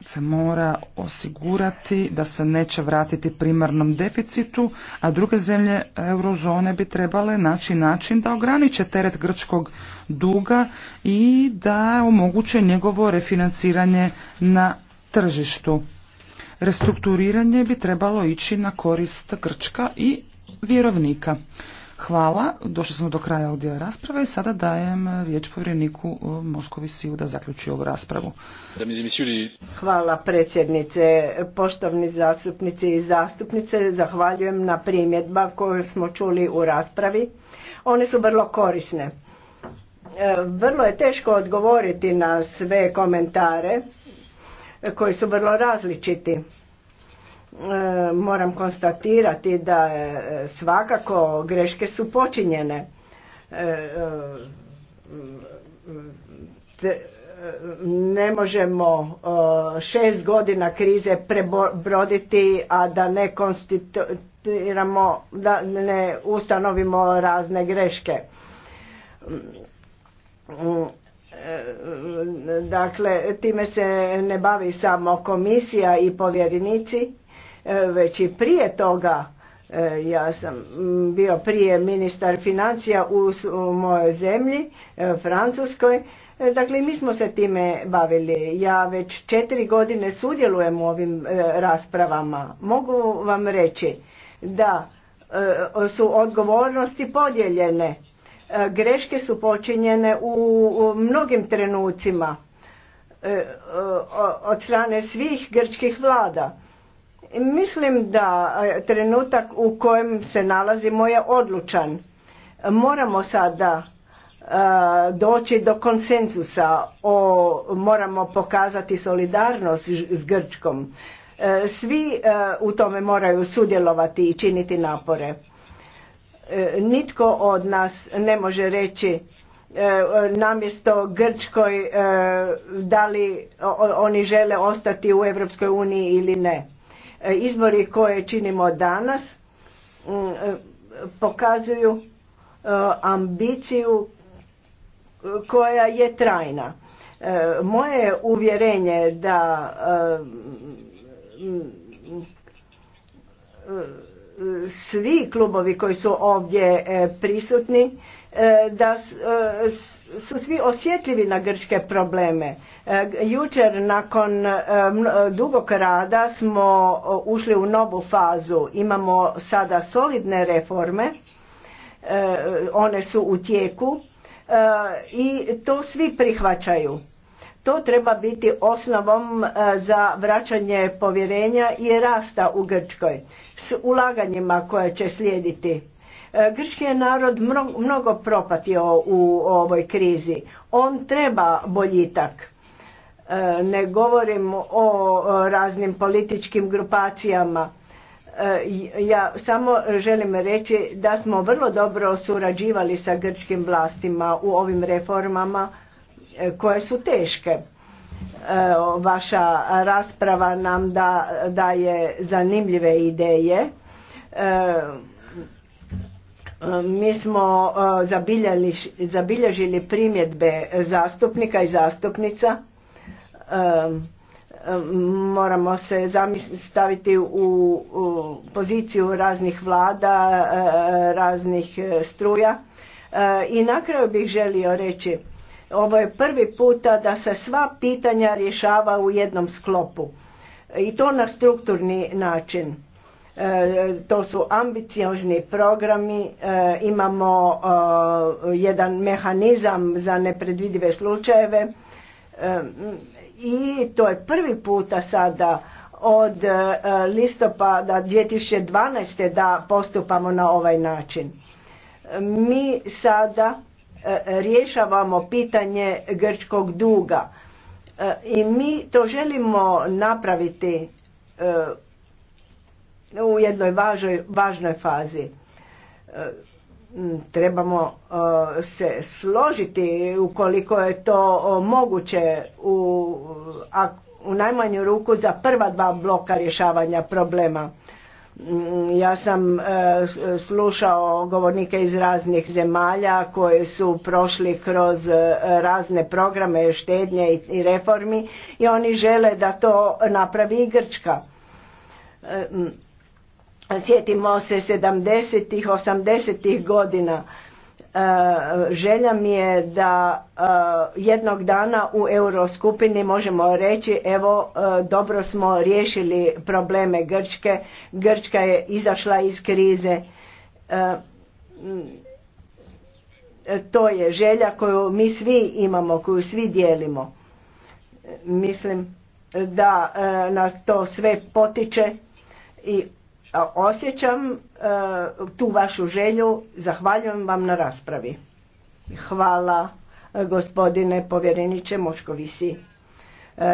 se mora osigurati da se neće vratiti primarnom deficitu, a druge zemlje eurozone bi trebale naći način da ograniče teret grčkog duga i da omoguće njegovo refinanciranje na tržištu. Restrukturiranje bi trebalo ići na korist Grčka i vjerovnika. Hvala, došli smo do kraja ovdje rasprave i sada dajem eh, riječ povjereniku eh, Siju da zaključi ovu raspravu. Hvala predsjednice, poštovni zastupnici i zastupnice, zahvaljujem na primjedba koju smo čuli u raspravi. One su vrlo korisne. Eh, vrlo je teško odgovoriti na sve komentare koji su vrlo različiti E, moram konstatirati da e, svakako greške su počinjene. E, ne možemo šest godina krize prebroditi, a da ne konstituiramo, da ne ustanovimo razne greške. Dakle, time se ne bavi samo komisija i povjerenici, E, već i prije toga e, ja sam bio prije ministar financija u mojoj zemlji e, Francuskoj dakle mi smo se time bavili ja već četiri godine sudjelujem u ovim raspravama mogu vam reći da su odgovornosti podijeljene greške su počinjene u mnogim trenucima od strane svih grčkih vlada Mislim da e, trenutak u kojem se nalazimo je odlučan. Moramo sada e, doći do konsenzusa o moramo pokazati solidarnost s Grčkom. E, svi u tome moraju sudjelovati i činiti napore. Nitko od nas ne može reći namjesto Grčkoj da li oni žele ostati u Europskoj uniji ili ne. E, izbori koje činimo danas mm, e, pokazuju e, ambiciju koja je trajna. Moje uvjerenje da svi klubovi koji su ovdje prisutni E, da e, su svi osjetljivi na grčke probleme. E, jučer nakon dugog rada smo ušli u novu fazu. Imamo sada solidne reforme, one su u tijeku i to svi prihvaćaju. To treba biti osnovom za vraćanje povjerenja i rasta u Grčkoj s ulaganjima koje će slijediti E, grčki je narod mnogo propatio u ovoj krizi. On treba boljitak. E, ne govorim o raznim političkim grupacijama. E, ja samo želim reći da smo vrlo dobro surađivali sa grčkim vlastima u ovim reformama koje su teške. Vaša rasprava nam daje zanimljive ideje Um, mi smo uh, zabilježili primjedbe zastupnika i zastupnica. Um, um, moramo se staviti u poziciju raznih vlada, uh, raznih uh, struja. I na kraju bih želio reći, ovo je prvi puta da se sva pitanja rješava u jednom sklopu i to na strukturni način E, to su ambiciozni programi, e, imamo e, jedan mehanizam za nepredvidive slučajeve i to je prvi puta sada od listopada 2012. da postupamo na ovaj način. Mi sada rješavamo pitanje grčkog duga i mi to želimo napraviti u jednoj važoj, važnoj fazi. E, trebamo e, se složiti ukoliko je to e, moguće u, najmanju ruku za prva dva bloka rješavanja problema. Ja sam slušao govornike iz raznih zemalja koje su prošli kroz razne programe štednje i reformi i oni žele da to napravi i Grčka Sjetimo se 70-ih, 80-ih godina. E, želja mi je da e, jednog dana u Euroskupini možemo reći evo e, dobro smo riješili probleme Grčke, Grčka je izašla iz krize. To je želja koju mi svi imamo, koju svi dijelimo. Mislim da nas to sve potiče i osjećam e, tu vašu želju, zahvaljujem vam na raspravi. Hvala e, gospodine povjereniče Moškovisi.